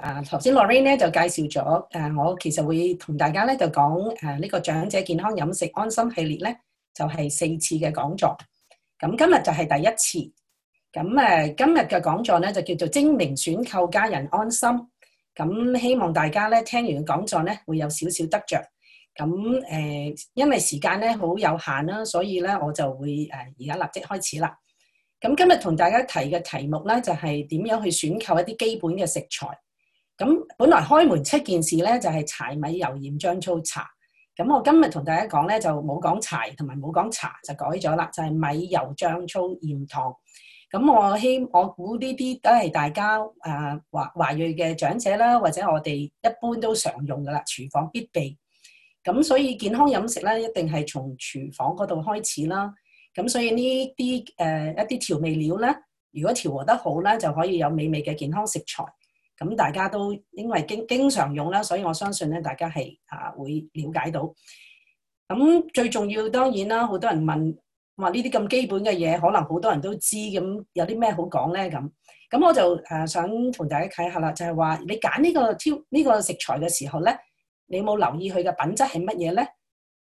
啊！頭先 Lorraine 咧就介紹咗誒，我其實會同大家咧就講誒呢個長者健康飲食安心系列咧，就係四次嘅講座。咁今日就係第一次。咁誒，今日嘅講座咧就叫做精明選購，家人安心。咁希望大家咧聽完嘅講座咧會有少少得着。咁誒，因為時間咧好有限啦，所以咧我就會誒而家立即開始啦。咁今日同大家提嘅題目咧就係點樣去選購一啲基本嘅食材。咁，本來開門七件事咧，就係柴米油鹽醬醋茶。咁我今日同大家講咧，就冇講柴同埋冇講茶，就改咗啦，就係米油醬醋鹽糖。咁我希望我估呢啲都係大家誒、啊、華華裔嘅長者啦，或者我哋一般都常用噶啦，廚房必備。咁所以健康飲食咧，一定係從廚房嗰度開始啦。咁所以呢啲誒一啲調味料咧，如果調和得好咧，就可以有美味嘅健康食材。咁大家都因為經經常用啦，所以我相信咧大家係啊會了解到。咁最重要當然啦，好多人問話呢啲咁基本嘅嘢，可能好多人都知，咁有啲咩好講咧咁。咁我就誒想同大家睇下啦，就係話你揀呢個挑呢個食材嘅時候咧，你有冇留意佢嘅品質係乜嘢咧？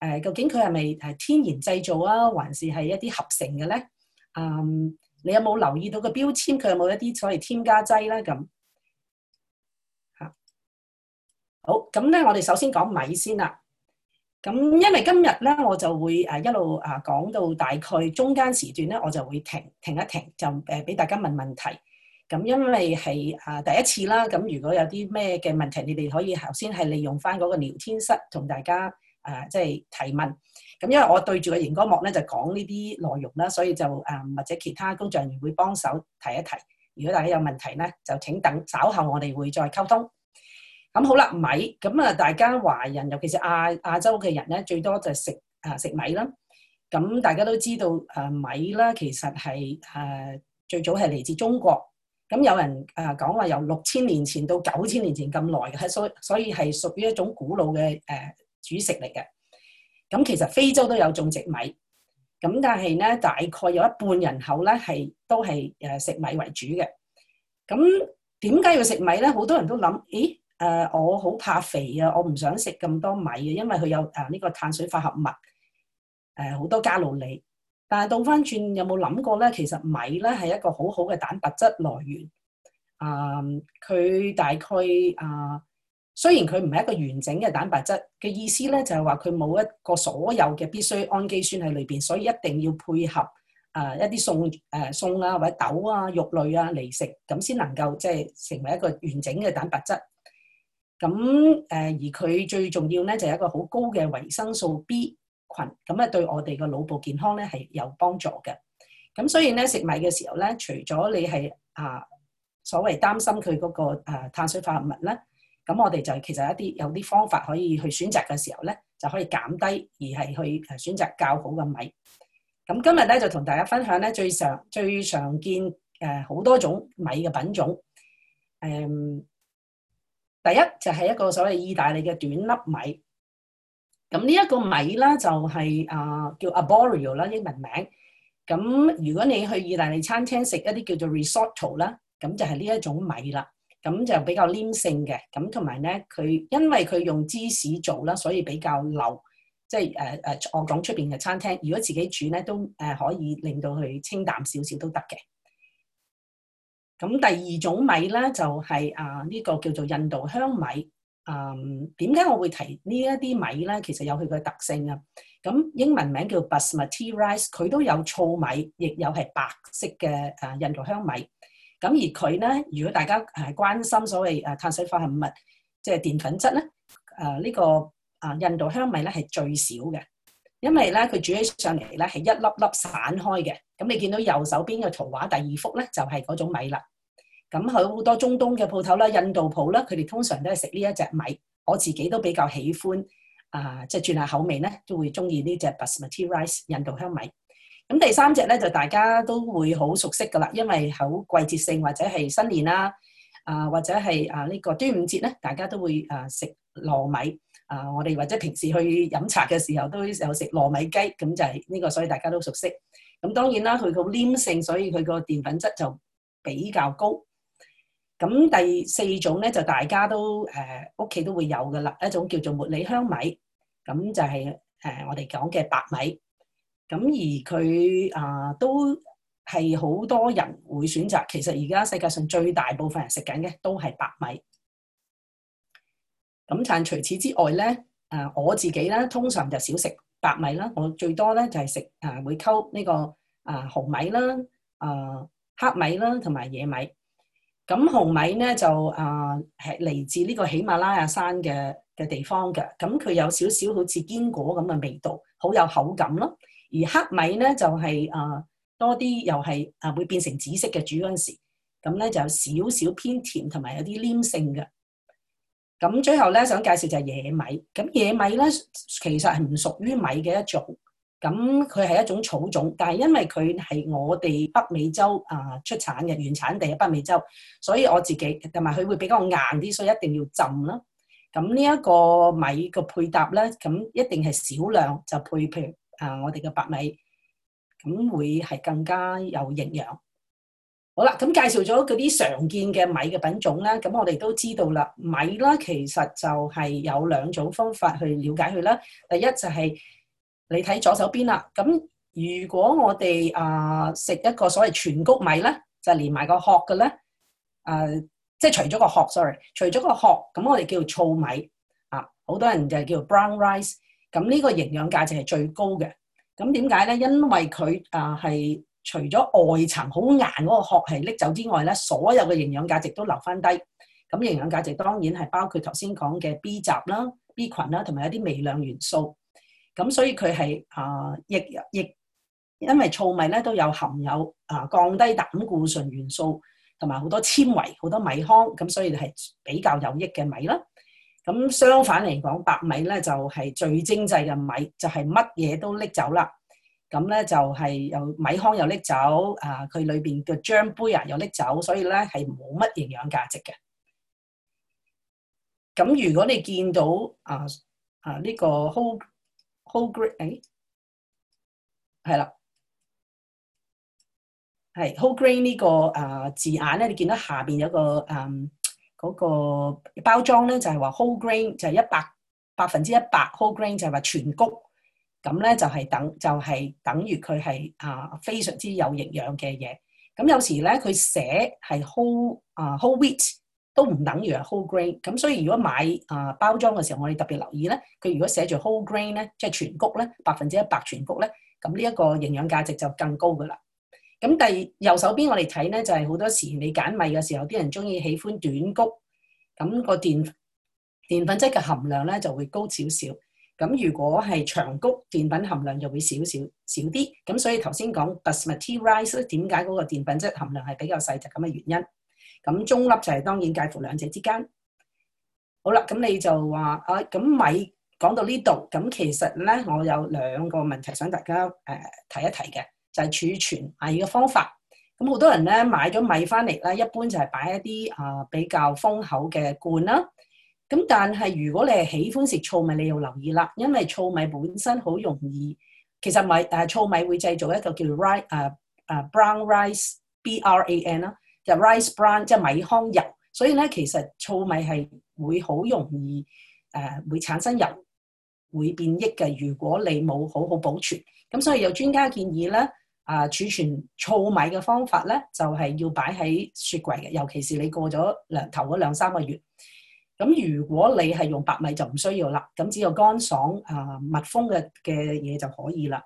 誒，究竟佢係咪係天然製造啊，還是係一啲合成嘅咧？嗯，你有冇留意到個標籤佢有冇一啲所謂添加劑咧咁？好，咁咧，我哋首先講米先啦。咁因為今日咧，我就會誒一路誒講到大概中間時段咧，我就會停停一停，就誒俾大家問問題。咁因為係誒第一次啦，咁如果有啲咩嘅問題，你哋可以頭先係利用翻嗰個聊天室同大家誒即係提問。咁因為我對住個熒光幕咧就講呢啲內容啦，所以就誒或者其他工作人員會幫手提一提。如果大家有問題咧，就請等稍後，我哋會再溝通。咁好啦，米咁啊，大家華人，尤其是亞亞洲嘅人咧，最多就係食啊食米啦。咁大家都知道，誒米咧，其實係誒最早係嚟自中國。咁有人誒講話由六千年前到九千年前咁耐嘅，所所以係屬於一種古老嘅誒主食嚟嘅。咁其實非洲都有種植米，咁但係咧，大概有一半人口咧係都係誒食米為主嘅。咁點解要食米咧？好多人都諗，咦。誒，我好怕肥啊！我唔想食咁多米啊，因為佢有誒呢個碳水化合物，誒好多卡路里。但係倒翻轉有冇諗過咧？其實米咧係一個好好嘅蛋白質來源。啊，佢大概啊，雖然佢唔係一個完整嘅蛋白質嘅意思咧，就係話佢冇一個所有嘅必須氨基酸喺裏邊，所以一定要配合誒一啲餸誒餸啊或者豆啊肉類啊嚟食，咁先能夠即係成為一個完整嘅蛋白質。咁誒，而佢最重要咧，就係一個好高嘅維生素 B 群，咁啊，對我哋個腦部健康咧係有幫助嘅。咁所以咧，食米嘅時候咧，除咗你係啊所謂擔心佢嗰個碳水化合物咧，咁我哋就其實一啲有啲方法可以去選擇嘅時候咧，就可以減低而係去選擇較好嘅米。咁今日咧就同大家分享咧最常最常見誒好多種米嘅品種，誒。第一就係、是、一個所謂意大利嘅短粒米，咁呢一個米咧就係、是、啊、呃、叫 Arborio 啦，英文名，咁如果你去意大利餐廳食一啲叫做 Risotto 啦，咁就係呢一種米啦，咁就比較黏性嘅，咁同埋咧佢因為佢用芝士做啦，所以比較流，即係誒誒我講出邊嘅餐廳，如果自己煮咧都誒可以令到佢清淡少少都得嘅。咁第二種米咧就係啊呢個叫做印度香米。啊、嗯，點解我會提這些呢一啲米咧？其實有佢嘅特性啊。咁英文名叫 Basmati Rice，佢都有糙米，亦有係白色嘅啊印度香米。咁而佢咧，如果大家誒關心所謂誒碳水化合物，即、就、係、是、澱粉質咧，啊、這、呢個啊印度香米咧係最少嘅，因為咧佢煮起上嚟咧係一粒粒散開嘅。咁你見到右手邊嘅圖畫第二幅咧，就係、是、嗰種米啦。咁佢好多中東嘅鋪頭啦、印度鋪啦，佢哋通常都係食呢一隻米。我自己都比較喜歡啊，即、呃、係轉下口味咧，都會中意呢隻 Basmati Rice 印度香米。咁第三隻咧就大家都會好熟悉噶啦，因為好季節性或者係新年啦啊，或者係啊呢個端午節咧，大家都會啊食、呃呃、糯米啊、呃。我哋或者平時去飲茶嘅時候都有食糯米雞，咁就係呢、這個，所以大家都熟悉。咁當然啦，佢個黏性，所以佢個澱粉質就比較高。咁第四種咧就大家都誒屋企都會有嘅啦，一種叫做茉莉香米，咁就係誒我哋講嘅白米。咁而佢啊、呃、都係好多人會選擇，其實而家世界上最大部分人食緊嘅都係白米。咁但係除此之外咧，啊、呃、我自己咧通常就少食白米啦，我最多咧就係食啊會溝呢、這個啊、呃、紅米啦、啊、呃、黑米啦同埋野米。咁紅米咧就啊係嚟自呢個喜馬拉雅山嘅嘅地方嘅，咁佢有少少好似堅果咁嘅味道，好有口感咯。而黑米咧就係、是、啊、呃、多啲又係啊、呃、會變成紫色嘅，煮嗰陣時，咁咧就有少少偏甜同埋有啲黏性嘅。咁最後咧想介紹就係野米，咁野米咧其實係唔屬於米嘅一種。咁佢係一種草種，但係因為佢係我哋北美洲啊出產嘅原產地係北美洲，所以我自己同埋佢會比較硬啲，所以一定要浸囉。咁呢一個米嘅配搭咧，咁一定係少量就配譬如啊我哋嘅白米，咁會係更加有營養。好啦，咁介紹咗嗰啲常見嘅米嘅品種咧，咁我哋都知道啦，米啦其實就係有兩種方法去了解佢啦。第一就係。你睇左手邊啦，咁如果我哋啊、呃、食一個所謂全穀米咧，就連埋個殼嘅咧，誒、呃，即係除咗個殼，sorry，除咗個殼，咁我哋叫糙米啊，好多人就叫 brown rice，咁呢個營養價值係最高嘅。咁點解咧？因為佢啊係除咗外層好硬嗰個殼係拎走之外咧，所有嘅營養價值都留翻低。咁營養價值當然係包括頭先講嘅 B 集啦、B 群啦，同埋一啲微量元素。咁所以佢係啊，亦、呃、亦因為糙米咧都有含有啊，降低膽固醇元素，同埋好多纖維，好多米糠，咁所以係比較有益嘅米啦。咁相反嚟講，白米咧就係、是、最精製嘅米，就係乜嘢都拎走啦。咁咧就係、是、有米糠又拎走啊，佢裏邊嘅漿杯啊又拎走，所以咧係冇乜營養價值嘅。咁如果你見到啊啊呢個 whole grain，誒、哎，係啦，係 whole grain 呢，這個啊、呃、字眼咧，你見到下邊有個誒嗰、嗯那個包裝咧，就係、是、話 whole grain 就係一百百分之一百 whole grain 就係話全穀，咁咧就係等就係、是、等於佢係啊非常之有營養嘅嘢，咁有時咧佢寫係 whole 啊 whole wheat。都唔等於係 whole grain，咁所以如果買啊包裝嘅時候，我哋特別留意咧，佢如果寫住 whole grain 咧，即係全谷咧，百分之一百全谷咧，咁呢一個營養價值就更高噶啦。咁第二，右手邊我哋睇咧，就係好多時你揀米嘅時候，啲人中意喜歡短谷，咁個澱澱粉質嘅含量咧就會高少少。咁如果係長谷，澱粉含量就會少少少啲。咁所以頭先講 basmati rice 咧，點解嗰個澱粉質含量係比較細，就咁、是、嘅原因。咁中粒就係當然介乎兩者之間。好啦，咁你就話啊，咁米講到呢度，咁其實咧，我有兩個問題想大家誒、呃、提一提嘅，就係、是、儲存米嘅方法。咁好多人咧買咗米翻嚟啦，一般就係擺一啲啊、呃、比較封口嘅罐啦。咁但係如果你係喜歡食糙米，你要留意啦，因為糙米本身好容易，其實米誒糙、呃、米會製造一個叫做 rice、呃、brown rice b r a n 啦。就 rice bran 即係米糠油，所以咧其實糙米係會好容易誒、呃、會產生油，會變益嘅。如果你冇好好保存，咁所以有專家建議咧，啊、呃、儲存糙米嘅方法咧就係、是、要擺喺雪櫃嘅，尤其是你過咗兩頭嗰兩三個月。咁如果你係用白米就唔需要啦，咁只有乾爽啊、密封嘅嘅嘢就可以啦。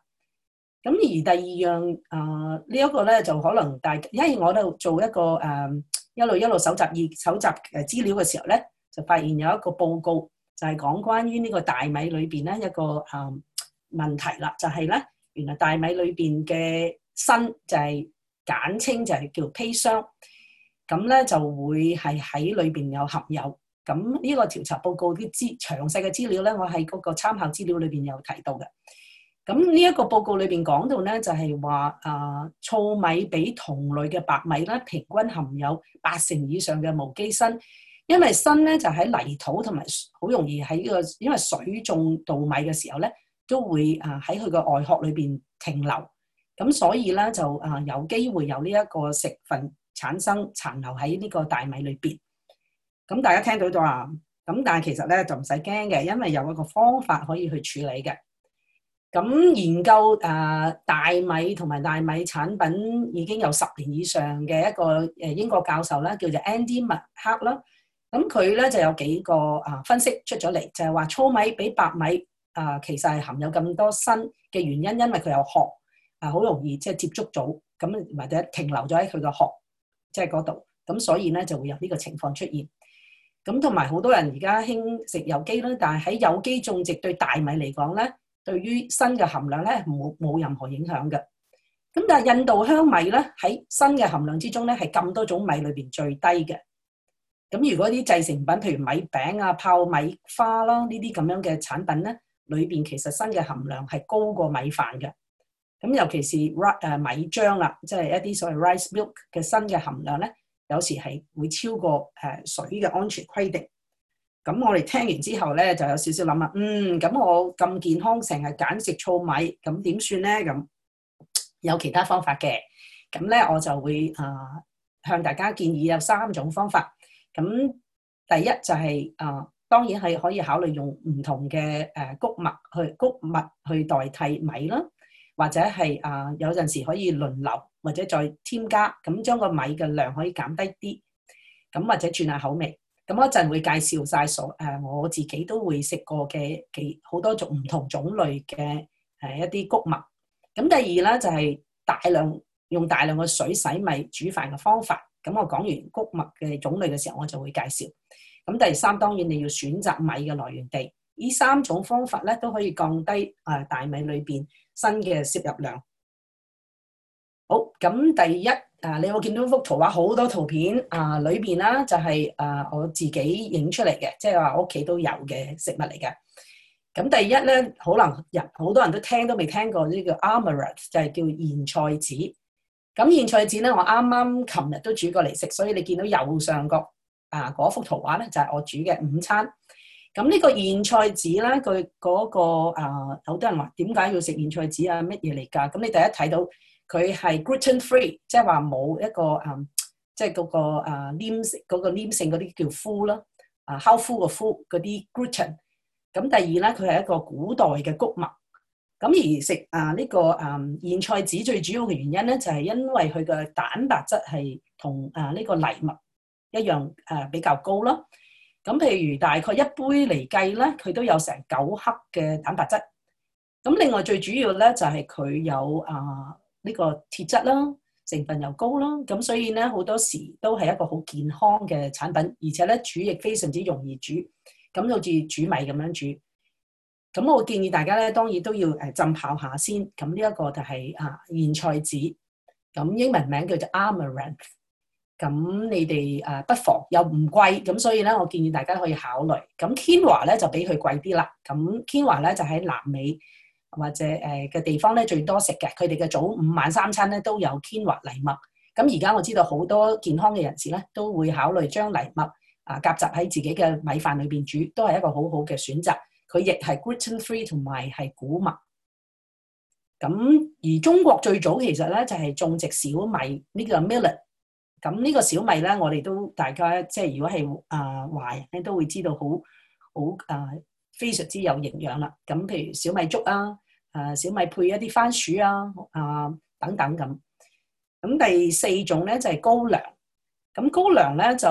咁而第二樣啊，呢、呃、一、這個咧就可能大，因為我咧做一個誒、嗯、一路一路搜集熱蒐集誒資料嘅時候咧，就發現有一個報告就係、是、講關於呢個大米裏邊咧一個誒、嗯、問題啦，就係、是、咧原來大米裏邊嘅砷，就係簡稱就係叫砒霜，咁咧就會係喺裏邊有含有，咁呢個調查報告啲資詳細嘅資料咧，我喺嗰個參考資料裏邊有提到嘅。咁呢一個報告裏邊講到咧，就係話誒糙米比同類嘅白米咧，平均含有八成以上嘅無機砷，因為砷咧就喺泥土同埋好容易喺呢個因為水種稻米嘅時候咧，都會誒喺佢個外殼裏邊停留，咁所以咧就誒有機會有呢一個成分產生殘留喺呢個大米裏邊。咁大家聽到咗啊？咁但係其實咧就唔使驚嘅，因為有一個方法可以去處理嘅。咁研究誒、呃、大米同埋大米產品已經有十年以上嘅一個誒英國教授啦，叫做 Andy 默克啦。咁佢咧就有幾個誒分析出咗嚟，就係話糙米比白米誒、呃、其實係含有咁多砷嘅原因，因為佢有殼，啊好容易即係接觸到，咁或者停留咗喺佢個殼即係嗰度，咁、就是、所以咧就會有呢個情況出現。咁同埋好多人而家興食有機啦，但係喺有機種植對大米嚟講咧，對於砷嘅含量咧，冇冇任何影響嘅。咁但係印度香米咧，喺砷嘅含量之中咧，係咁多種米裏邊最低嘅。咁如果啲製成品，譬如米餅啊、泡米花啦，呢啲咁樣嘅產品咧，裏邊其實砷嘅含量係高過米飯嘅。咁尤其是 rice 誒米漿啦，即係一啲所謂 rice milk 嘅砷嘅含量咧，有時係會超過誒水嘅安全規定。咁我哋聽完之後咧，就有少少諗啊，嗯，咁我咁健康，成日揀食糙米，咁點算咧？咁有其他方法嘅，咁咧我就會啊、呃、向大家建議有三種方法。咁第一就係、是、啊、呃，當然係可以考慮用唔同嘅誒穀物去穀物去代替米啦，或者係啊、呃、有陣時可以輪流或者再添加，咁將個米嘅量可以減低啲，咁或者轉下口味。咁一陣會介紹晒所誒我自己都會食過嘅幾好多種唔同種類嘅誒一啲穀物。咁第二咧就係大量用大量嘅水洗米煮飯嘅方法。咁我講完穀物嘅種類嘅時候，我就會介紹。咁第三當然你要選擇米嘅來源地。呢三種方法咧都可以降低誒大米裏邊砷嘅攝入量。好，咁第一。啊！你會見到幅圖畫好多圖片啊，裏邊啦就係、是、啊我自己影出嚟嘅，即係話屋企都有嘅食物嚟嘅。咁、啊、第一咧，可能人好多人都聽都未聽過個 Amaranth，叫呢個阿馬達，就係叫莧菜籽。咁莧菜籽咧，我啱啱琴日都煮過嚟食，所以你見到右上角啊嗰、那個、幅圖畫咧，就係我煮嘅午餐。咁呢、那個莧菜籽咧，佢嗰個啊，好多人話點解要食莧菜籽啊？乜嘢嚟㗎？咁你第一睇到。佢係 gluten free，即係話冇一個誒，即係嗰個、啊、黏嗰、嗰個黏性嗰啲叫麩啦、啊，啊烤麩嘅麩嗰啲 gluten。咁第二咧，佢係一個古代嘅穀物。咁而食啊呢、呢個誒燕、啊、菜籽最主要嘅原因咧，就係、是、因為佢嘅蛋白質係同啊呢、呢個藜麥一樣誒、啊、比較高咯。咁、啊、譬如大概一杯嚟計咧，佢都有成九克嘅蛋白質。咁、啊、另外最主要咧就係、是、佢有啊。呢、這個鐵質啦，成分又高啦，咁所以咧好多時都係一個好健康嘅產品，而且咧煮亦非常之容易煮，咁就好似煮米咁樣煮。咁我建議大家咧，當然都要誒浸泡下先。咁呢一個就係啊燕菜籽，咁英文名叫做 amaranth。咁你哋誒不妨又唔貴，咁所以咧我建議大家可以考慮。咁 k 天華咧就比佢貴啲啦。咁 k 天華咧就喺南美。或者誒嘅、呃、地方咧，最多食嘅，佢哋嘅早午晚三餐咧都有添或藜麥。咁而家我知道好多健康嘅人士咧，都會考慮將藜麥啊夾雜喺自己嘅米飯裏邊煮，都係一個好好嘅選擇。佢亦係 gluten free 同埋係穀物。咁而中國最早其實咧就係種植小米，呢個 millet。咁呢個小米咧，我哋都大家即係如果係啊華人咧，都會知道好好啊。非常之有營養啦，咁譬如小米粥啊，誒小米配一啲番薯啊，啊等等咁。咁第四種咧就係高粱，咁高粱咧就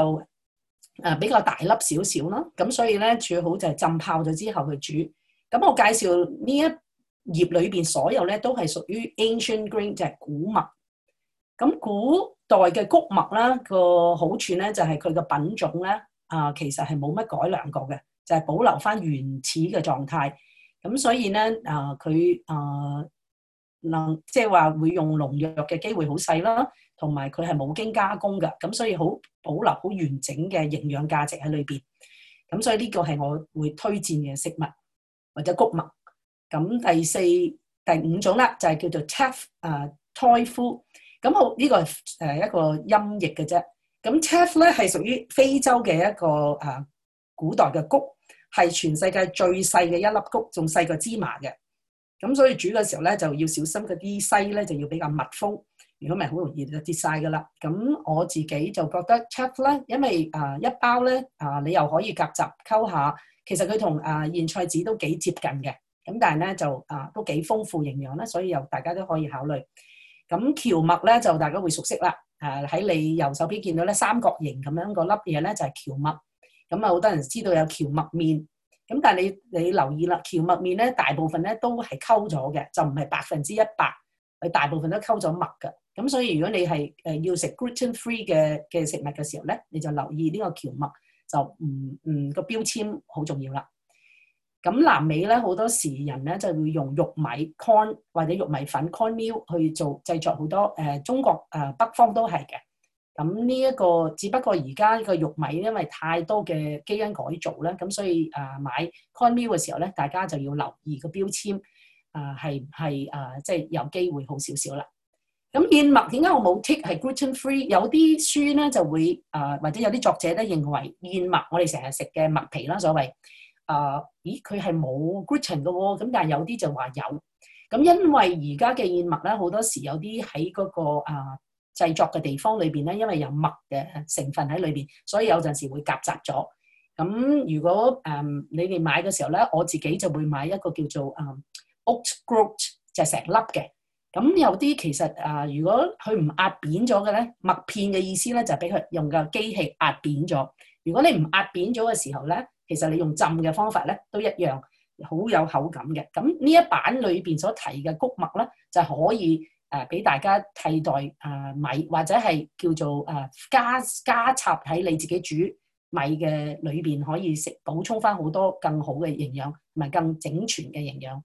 誒比較大粒少少啦，咁所以咧最好就係浸泡咗之後去煮。咁我介紹呢一頁裏邊所有咧都係屬於 ancient grain，就係古物。咁古代嘅穀物啦，個好處咧就係佢嘅品種咧啊，其實係冇乜改良過嘅。就係、是、保留翻原始嘅狀態，咁所以咧，啊佢啊能即係話會用農藥嘅機會好細啦，同埋佢係冇經加工嘅，咁所以好保留好完整嘅營養價值喺裏邊。咁所以呢個係我會推薦嘅食物或者穀物。咁第四、第五種啦，就係、是、叫做 Teff 啊，胎夫。咁好呢、這個係誒一個音譯嘅啫。咁 Teff 咧係屬於非洲嘅一個啊古代嘅穀。係全世界最細嘅一粒穀，仲細過芝麻嘅。咁所以煮嘅時候咧，就要小心嗰啲西咧，就要比較密封。如果唔係，好容易就跌晒噶啦。咁我自己就覺得 check 咧，因為啊一包咧啊，你又可以夾雜溝下。其實佢同啊莧菜籽都幾接近嘅。咁但係咧就啊都幾豐富營養啦，所以又大家都可以考慮。咁蕎麥咧就大家會熟悉啦。誒喺你右手邊見到咧三角形咁樣個粒嘢咧就係蕎麥。咁啊，好多人知道有蕎麥麵，咁但係你你留意啦，蕎麥麵咧大部分咧都係溝咗嘅，就唔係百分之一百，佢大部分都溝咗麥嘅。咁所以如果你係誒要食 gluten free 嘅嘅食物嘅時候咧，你就留意呢個蕎麥就唔唔、嗯嗯那個標籤好重要啦。咁南美咧好多時人咧就會用玉米 corn 或者玉米粉 corn meal 去做製作好多誒、呃，中國誒、呃、北方都係嘅。咁呢一個，只不過而家個玉米因為太多嘅基因改造咧，咁所以誒買 cornmeal 嘅時候咧，大家就要留意個標籤，誒係係誒，即係、呃就是、有機會好少少啦。咁燕麥點解我冇 take 係 gluten free？有啲書咧就會誒、呃，或者有啲作者咧認為燕麥我哋成日食嘅麥皮啦，所謂誒，咦佢係冇 gluten 嘅喎，咁但係有啲就話有。咁因為而家嘅燕麥咧，好多時有啲喺嗰個、呃製作嘅地方裏邊咧，因為有麥嘅成分喺裏邊，所以有陣時會夾雜咗。咁如果誒、嗯、你哋買嘅時候咧，我自己就會買一個叫做誒、嗯、oat groat，就係成粒嘅。咁有啲其實誒、呃，如果佢唔壓扁咗嘅咧，麥片嘅意思咧就係俾佢用嘅機器壓扁咗。如果你唔壓扁咗嘅時候咧，其實你用浸嘅方法咧都一樣，好有口感嘅。咁呢一版裏邊所提嘅谷麥咧，就可以。誒、呃、俾大家替代誒、呃、米，或者係叫做誒、呃、加加插喺你自己煮米嘅裏邊，可以食補充返好多更好嘅營養，同埋更整全嘅營養。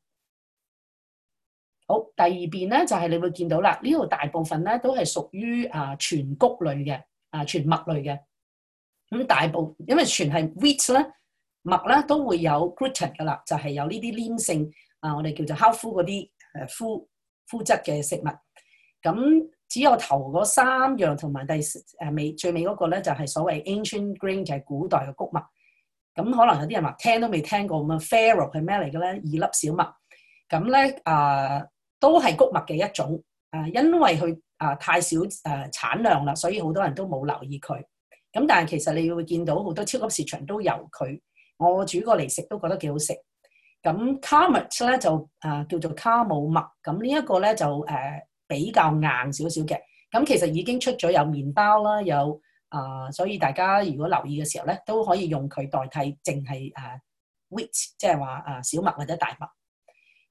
好，第二邊咧就係、是、你會見到啦，呢度大部分咧都係屬於啊、呃、全谷類嘅，啊、呃、全麥類嘅。咁、嗯、大部分因為全係 wheat 咧麥咧都會有 gluten 噶啦，就係、是、有呢啲黏性啊、呃，我哋叫做烤麩嗰啲誒麩。呃麩質嘅食物，咁只有頭嗰三樣同埋第誒尾、啊、最尾嗰個咧，就係、是、所謂 ancient grain 就係古代嘅穀物。咁可能有啲人話聽都未聽過咁啊，farro 係咩嚟嘅咧？二粒小麥，咁咧啊都係穀物嘅一種啊、呃，因為佢啊、呃、太少誒、呃、產量啦，所以好多人都冇留意佢。咁但係其實你會見到好多超級市場都有佢，我煮過嚟食都覺得幾好食。咁 Kamut 呢咧就叫做卡姆麥，咁呢一個咧就比較硬少少嘅，咁其實已經出咗有麵包啦，有啊，所以大家如果留意嘅時候咧，都可以用佢代替，淨係誒 wheat，即係話啊小麥或者大麥。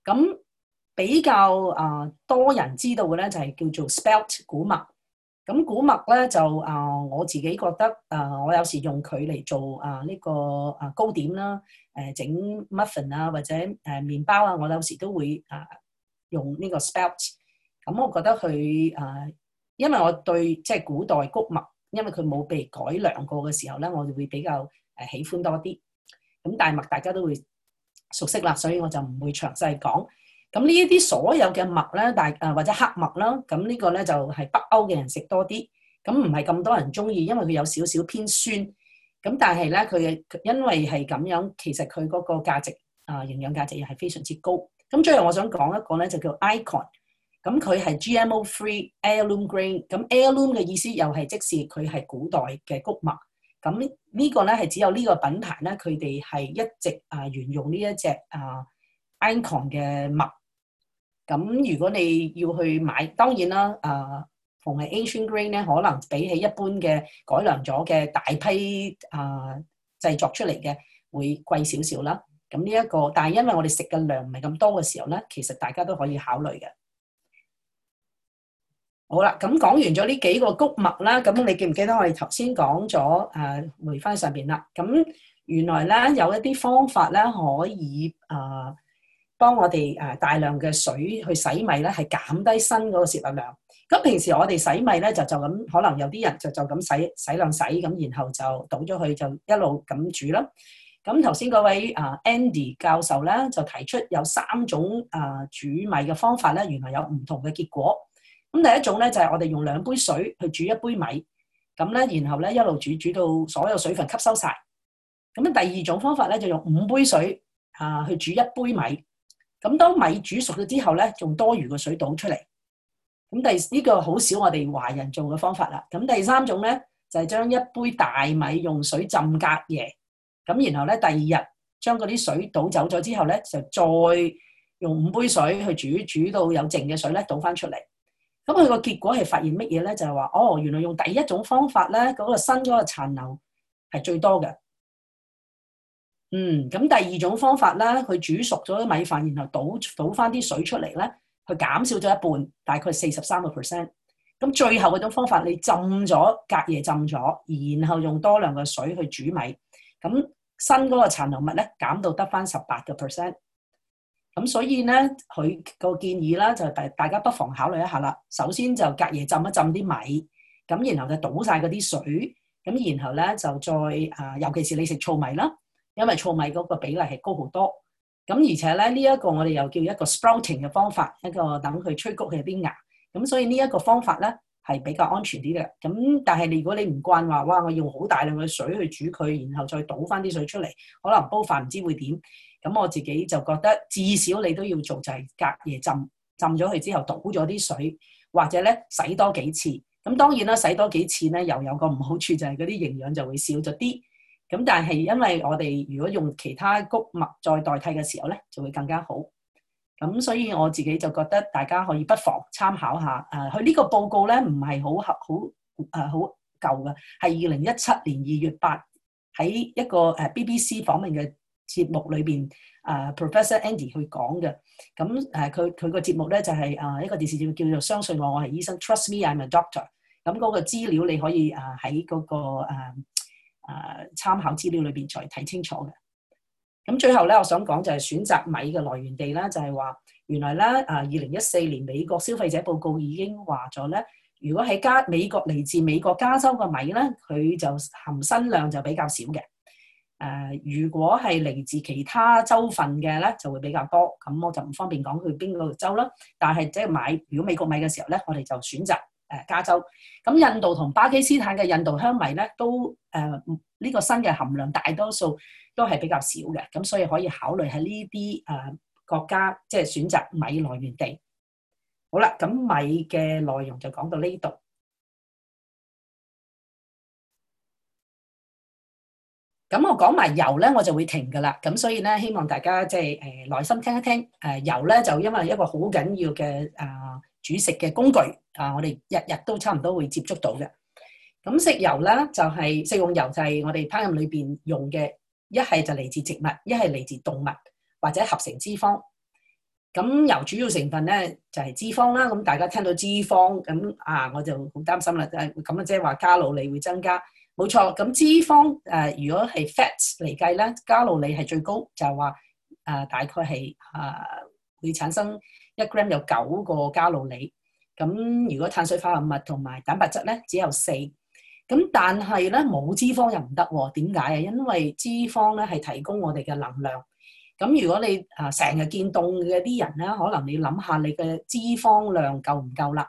咁比較啊多人知道嘅咧就係叫做 spelt 古麥。咁古麥咧就啊，我自己覺得啊，我有時用佢嚟做啊呢個啊糕點啦，誒整 muffin 啊或者誒麵包啊，我有時都會啊用呢個 spelt。咁我覺得佢啊，因為我對即係古代穀物，因為佢冇被改良過嘅時候咧，我就會比較誒喜歡多啲。咁大麥大家都會熟悉啦，所以我就唔會詳細講。咁呢一啲所有嘅麥咧，但誒或者黑麥啦，咁呢個咧就係北歐嘅人食多啲，咁唔係咁多人中意，因為佢有少少偏酸。咁但係咧，佢因為係咁樣，其實佢嗰個價值啊、呃，營養價值又係非常之高。咁最後我想講一個咧，就叫 Icon。咁佢係 GMO-free heirloom grain。咁 heirloom 嘅意思又係即係佢係古代嘅穀物。咁呢個咧係只有呢個品牌咧，佢哋係一直啊沿用呢一隻啊 Icon 嘅麥。咁如果你要去買，當然啦，啊，同埋 Ancient Grain 咧，可能比起一般嘅改良咗嘅大批啊製作出嚟嘅會貴少少啦。咁呢一個，但係因為我哋食嘅量唔係咁多嘅時候咧，其實大家都可以考慮嘅。好啦，咁講完咗呢幾個穀物啦，咁你記唔記得我哋頭先講咗誒回翻上邊啦？咁原來咧有一啲方法咧可以啊～幫我哋誒大量嘅水去洗米咧，係減低新嗰個攝入量。咁平時我哋洗米咧，就就咁可能有啲人就就咁洗洗兩洗咁，然後就倒咗去就一路咁煮啦。咁頭先嗰位啊 Andy 教授咧，就提出有三種煮米嘅方法咧，原來有唔同嘅結果。咁第一種咧就係我哋用兩杯水去煮一杯米，咁咧然後咧一路煮煮到所有水分吸收晒。咁第二種方法咧就用五杯水啊去煮一杯米。咁當米煮熟咗之後咧，用多餘嘅水倒出嚟。咁第呢個好少我哋華人做嘅方法啦。咁第三種咧，就係將一杯大米用水浸隔夜，咁然後咧第二日將嗰啲水倒走咗之後咧，就再用五杯水去煮，煮到有剩嘅水咧倒翻出嚟。咁佢個結果係發現乜嘢咧？就係話，哦，原來用第一種方法咧，嗰個新嗰個殘留係最多嘅。嗯，咁第二種方法啦，佢煮熟咗啲米飯，然後倒倒翻啲水出嚟咧，佢減少咗一半，大概四十三個 percent。咁最後嗰種方法，你浸咗隔夜浸咗，然後用多量嘅水去煮米，咁新嗰個殘留物咧減到得翻十八個 percent。咁所以咧，佢個建議啦，就係大家不妨考慮一下啦。首先就隔夜浸一浸啲米，咁然後就倒晒嗰啲水，咁然後咧就再啊，尤其是你食糙米啦。因為糙米嗰個比例係高好多，咁而且咧呢一、這個我哋又叫一個 sprouting 嘅方法，一個等佢催谷嘅啲芽。咁、嗯、所以呢一個方法咧係比較安全啲嘅。咁、嗯、但係你如果你唔慣話，哇！我用好大量嘅水去煮佢，然後再倒翻啲水出嚟，可能煲飯唔知會點。咁、嗯、我自己就覺得至少你都要做就係隔夜浸，浸咗佢之後倒咗啲水，或者咧洗多幾次。咁、嗯、當然啦，洗多幾次咧又有個唔好處，就係嗰啲營養就會少咗啲。咁但係因為我哋如果用其他谷物再代替嘅時候咧，就會更加好。咁所以我自己就覺得大家可以不妨參考一下。誒，佢呢個報告咧唔係好合好誒好舊嘅，係二零一七年二月八喺一個誒 BBC 訪問嘅節目裏邊，誒 Professor Andy 去講嘅。咁誒佢佢個節目咧就係誒一個電視節目叫做《相信我，我係醫生》，Trust Me I'm a Doctor。咁嗰個資料你可以誒喺嗰個啊，參考資料裏邊才睇清楚嘅。咁最後咧，我想講就係選擇米嘅來源地咧，就係話原來咧啊，二零一四年美國消費者報告已經話咗咧，如果喺加美國嚟自美國加州嘅米咧，佢就含砷量就比較少嘅。誒，如果係嚟自其他州份嘅咧，就會比較多。咁我就唔方便講去邊個州啦。但係即係買如果美國米嘅時候咧，我哋就選擇。誒加州，咁印度同巴基斯坦嘅印度香米咧，都誒呢、呃這個新嘅含量大多數都係比較少嘅，咁所以可以考慮喺呢啲誒國家，即係選擇米來源地。好啦，咁米嘅內容就講到呢度。咁我講埋油咧，我就會停噶啦。咁所以咧，希望大家即係誒耐心聽一聽。誒、呃、油咧，就因為一個好緊要嘅誒煮食嘅工具。啊、uh,！我哋日日都差唔多會接觸到嘅。咁食油咧，就係、是、食用油就用，就係我哋烹飪裏邊用嘅。一係就嚟自植物，一係嚟自動物或者合成脂肪。咁油主要成分咧就係、是、脂肪啦。咁大家聽到脂肪，咁啊我就好擔心啦。誒咁啊，即係話卡路里會增加。冇錯，咁脂肪誒、呃、如果係 fat 嚟計咧，卡路里係最高，就係話誒大概係誒會產生一 gram 有九個卡路里。咁如果碳水化合物同埋蛋白質咧只有四，咁但係咧冇脂肪又唔得喎。點解啊？因為脂肪咧係提供我哋嘅能量。咁如果你啊成日見凍嘅啲人咧，可能你諗下你嘅脂肪量夠唔夠啦？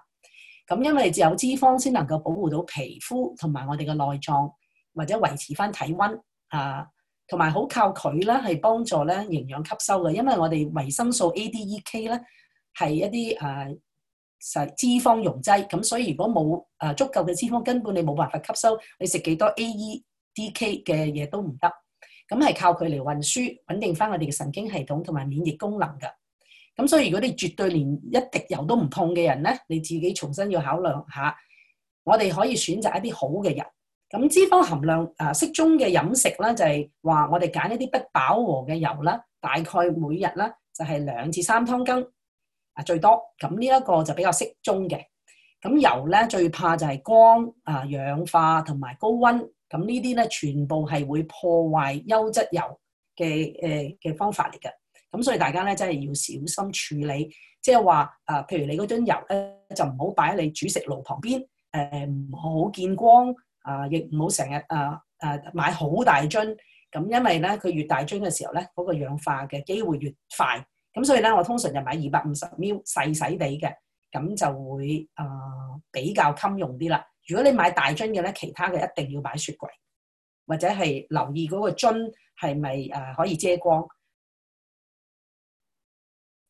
咁因為只有脂肪先能夠保護到皮膚同埋我哋嘅內臟，或者維持翻體溫啊，同埋好靠佢咧係幫助咧營養吸收嘅。因為我哋維生素 A、D、E、呃、K 咧係一啲誒。係脂肪溶劑，咁所以如果冇誒足夠嘅脂肪，根本你冇辦法吸收。你食幾多 A、E、D、K 嘅嘢都唔得。咁係靠佢嚟運輸，穩定返我哋嘅神經系統同埋免疫功能㗎。咁所以如果你絕對連一滴油都唔碰嘅人咧，你自己重新要考慮下。我哋可以選擇一啲好嘅油，咁脂肪含量誒、呃、適中嘅飲食咧，就係話我哋揀一啲不飽和嘅油啦。大概每日咧就係兩至三湯羹。最多咁呢一個就比較適中嘅。咁油咧最怕就係光啊、呃、氧化同埋高温，咁呢啲咧全部係會破壞優質油嘅誒嘅方法嚟嘅。咁所以大家咧真係要小心處理，即係話誒，譬如你嗰樽油咧就唔好擺喺你煮食爐旁邊，誒唔好見光啊，亦唔好成日啊誒買好大樽，咁因為咧佢越大樽嘅時候咧，嗰個氧化嘅機會越快。咁所以咧，我通常就買二百五十 mL 細細哋嘅，咁就會啊、呃、比較襟用啲啦。如果你買大樽嘅咧，其他嘅一定要擺雪櫃，或者係留意嗰個樽係咪啊可以遮光。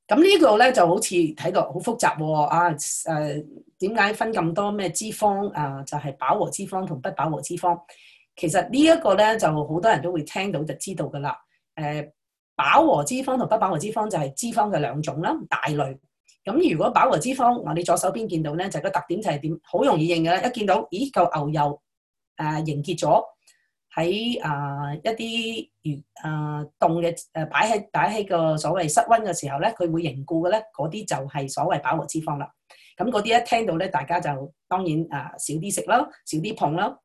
咁呢個咧就好似睇到好複雜喎、哦、啊！誒點解分咁多咩脂肪啊？就係、是、飽和脂肪同不飽和脂肪。其實這呢一個咧就好多人都會聽到就知道噶啦。誒、呃。飽和脂肪同不飽和脂肪就係脂肪嘅兩種啦，大類。咁如果飽和脂肪，我哋左手邊見到咧，就係個特點就係點，好容易認嘅啦。一見到，咦，嚿牛油誒凝結咗喺啊一啲如啊凍嘅誒擺喺擺喺個所謂室温嘅時候咧，佢會凝固嘅咧，嗰啲就係所謂飽和脂肪啦。咁嗰啲一聽到咧，大家就當然啊少啲食咯，少啲碰咯。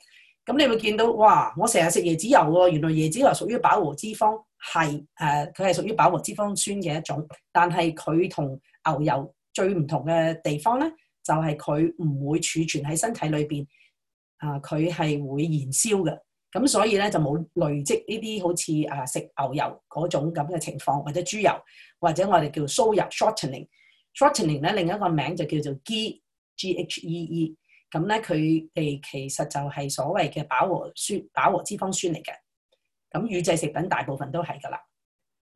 咁你會見到，哇！我成日食椰子油喎，原來椰子油屬於飽和脂肪。係誒，佢、呃、係屬於飽和脂肪酸嘅一種，但係佢同牛油最唔同嘅地方咧，就係佢唔會儲存喺身體裏邊，啊、呃，佢係會燃燒嘅，咁所以咧就冇累積呢啲好似誒食牛油嗰種咁嘅情況，或者豬油，或者我哋叫做酥油 shortening，shortening 咧另一個名就叫做 G G H E E，咁咧佢哋其實就係所謂嘅飽和酸、飽和脂肪酸嚟嘅。咁乳製食品大部分都係㗎啦，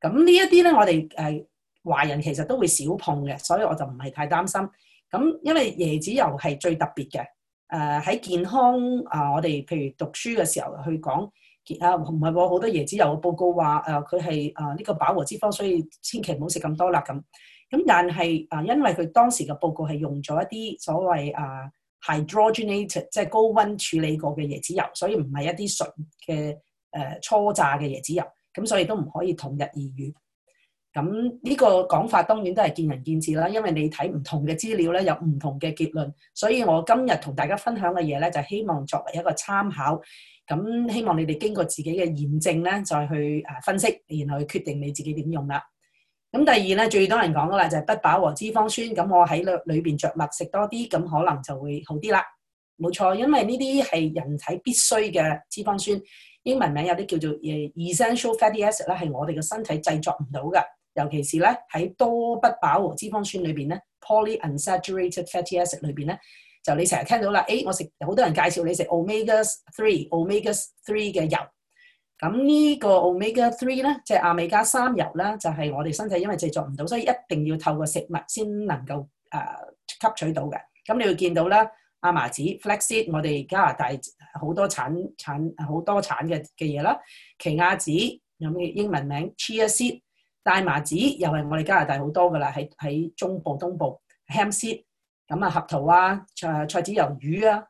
咁呢一啲咧，我哋誒、呃、華人其實都會少碰嘅，所以我就唔係太擔心。咁因為椰子油係最特別嘅，誒、呃、喺健康啊、呃，我哋譬如讀書嘅時候去講，啊唔係喎，好多椰子油嘅報告話誒佢係誒呢個飽和脂肪，所以千祈唔好食咁多啦咁。咁但係啊、呃，因為佢當時嘅報告係用咗一啲所謂誒、啊、hydrogenated，即係高溫處理過嘅椰子油，所以唔係一啲純嘅。誒，初榨嘅椰子油咁，所以都唔可以同日而語。咁呢個講法當然都係見仁見智啦，因為你睇唔同嘅資料咧，有唔同嘅結論。所以我今日同大家分享嘅嘢咧，就希望作為一個參考。咁希望你哋經過自己嘅驗證咧，再去誒分析，然後去決定你自己點用啦。咁第二咧，最多人講噶啦，就係不飽和脂肪酸。咁我喺裏裏邊著墨食多啲，咁可能就會好啲啦。冇錯，因為呢啲係人體必須嘅脂肪酸。英文名有啲叫做誒 essential fatty acid 咧，係我哋嘅身體製作唔到嘅，尤其是咧喺多不飽和脂肪酸裏邊咧，polyunsaturated fatty acid 裏邊咧，就你成日聽到啦，誒、欸、我食好多人介紹你食 omega three omega three 嘅油，咁呢個 omega three 咧，即、就、係、是、阿美加三油啦，就係、是、我哋身體因為製作唔到，所以一定要透過食物先能夠誒、呃、吸取到嘅。咁你會見到啦，亞麻籽 flaxseed，我哋加拿大。好多產產好多產嘅嘅嘢啦，奇亞籽有咩英文名，chia seed，大麻籽又係我哋加拿大好多噶啦，喺喺中部東部 hemp seed，咁啊合桃啊，菜菜籽油魚啊，誒、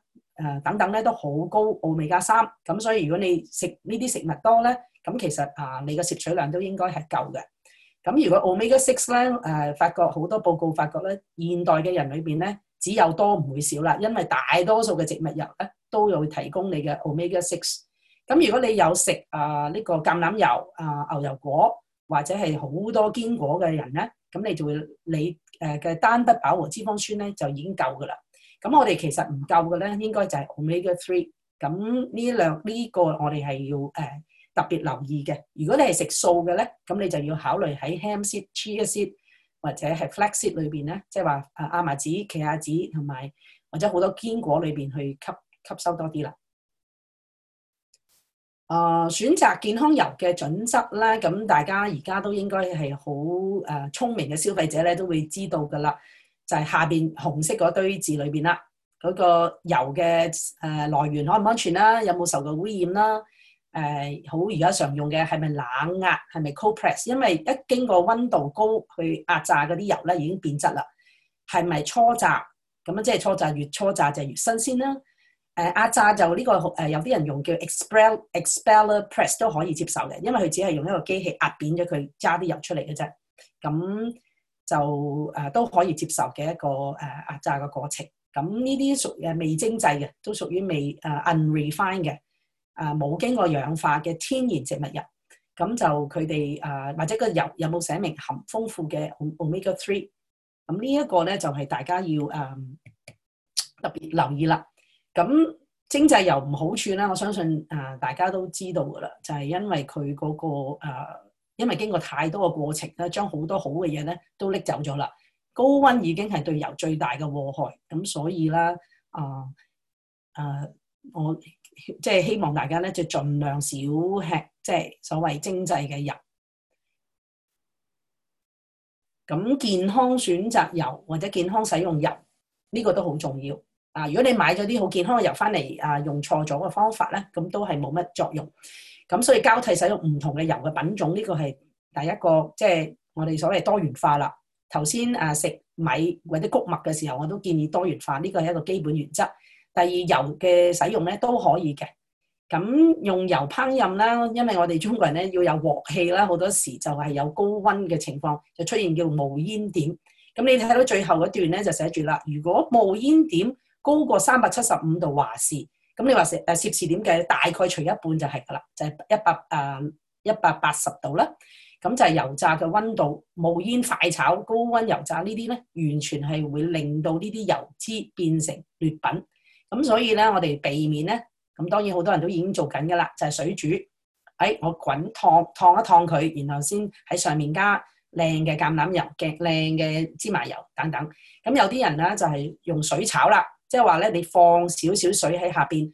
呃、等等咧都好高奧美加三，咁所以如果你食呢啲食物多咧，咁其實啊你嘅攝取量都應該係夠嘅。咁如果奧美加 six 咧誒，發覺好多報告發覺咧，現代嘅人裏邊咧，只有多唔會少啦，因為大多數嘅植物油咧。都有提供你嘅 omega six，咁如果你有食啊呢個橄欖油啊、呃、牛油果或者係好多堅果嘅人咧，咁你就會你誒嘅單不飽和脂肪酸咧就已經夠噶啦。咁我哋其實唔夠嘅咧，應該就係 omega three。咁呢兩呢、呢個我哋係要誒、呃、特別留意嘅。如果你係食素嘅咧，咁你就要考慮喺 ham seed、chia seed 或者係 flax seed 裏邊咧，即係話啊亞麻籽、奇亞籽同埋或者好多堅果裏邊去吸。吸收多啲啦。啊、呃，選擇健康油嘅準則咧，咁大家而家都應該係好誒聰明嘅消費者咧，都會知道噶啦。就係、是、下邊紅色嗰堆字裏邊啦，嗰、那個油嘅、誒、呃呃、來源可唔安全啦？有冇受到的污染啦？誒、呃，好而家常用嘅係咪冷壓？係咪 cold press？因為一經過溫度高去壓榨嗰啲油咧，已經變質啦。係咪初榨？咁即係初榨，越初榨就越新鮮啦。誒壓榨就呢個誒有啲人用叫 expell Expeller Press 都可以接受嘅，因為佢只係用一個機器壓扁咗佢，揸啲油出嚟嘅啫。咁就誒都可以接受嘅一個誒壓榨嘅過程。咁呢啲屬誒未精製嘅，都屬於未誒 unrefined 嘅，誒冇經過氧化嘅天然植物油。咁就佢哋誒或者個油有冇寫明含豐富嘅 omega three？咁呢一個咧就係大家要誒、嗯、特別留意啦。咁精製油唔好處咧，我相信誒、呃、大家都知道噶啦，就係、是、因為佢嗰、嗰個誒、呃，因為經過太多嘅過程咧，將好多好嘅嘢，咧都拎走咗啦。高温已經係對油最大嘅禍害，咁所以啦，啊、呃、誒、呃，我即係、就是、希望大家咧就盡量少吃，即、就、係、是、所謂精製嘅油。咁健康選擇油或者健康使用油呢、呢個都好重要。啊！如果你買咗啲好健康嘅油翻嚟，啊用錯咗嘅方法咧，咁都係冇乜作用。咁所以交替使用唔同嘅油嘅品種，呢個係第一個，即係我哋所謂多元化啦。頭先啊，食米或者穀物嘅時候，我都建議多元化，呢個係一個基本原則。第二，油嘅使用咧都可以嘅。咁用油烹飪啦，因為我哋中國人咧要有鑊氣啦，好多時就係有高温嘅情況，就出現叫冒煙點。咁你睇到最後嗰段咧，就寫住啦，如果冒煙點，高過三百七十五度華氏，咁你話攝誒攝氏點計，大概除一半就係噶啦，就係、是、一百誒一百八十度啦。咁就係油炸嘅温度，冒煙快炒、高温油炸這些呢啲咧，完全係會令到呢啲油脂變成劣品。咁所以咧，我哋避免咧，咁當然好多人都已經做緊噶啦，就係、是、水煮。誒、哎，我滾燙燙一燙佢，然後先喺上面加靚嘅橄欖油、嘅靚嘅芝麻油等等。咁有啲人咧就係、是、用水炒啦。即係話咧，你放少少水喺下邊，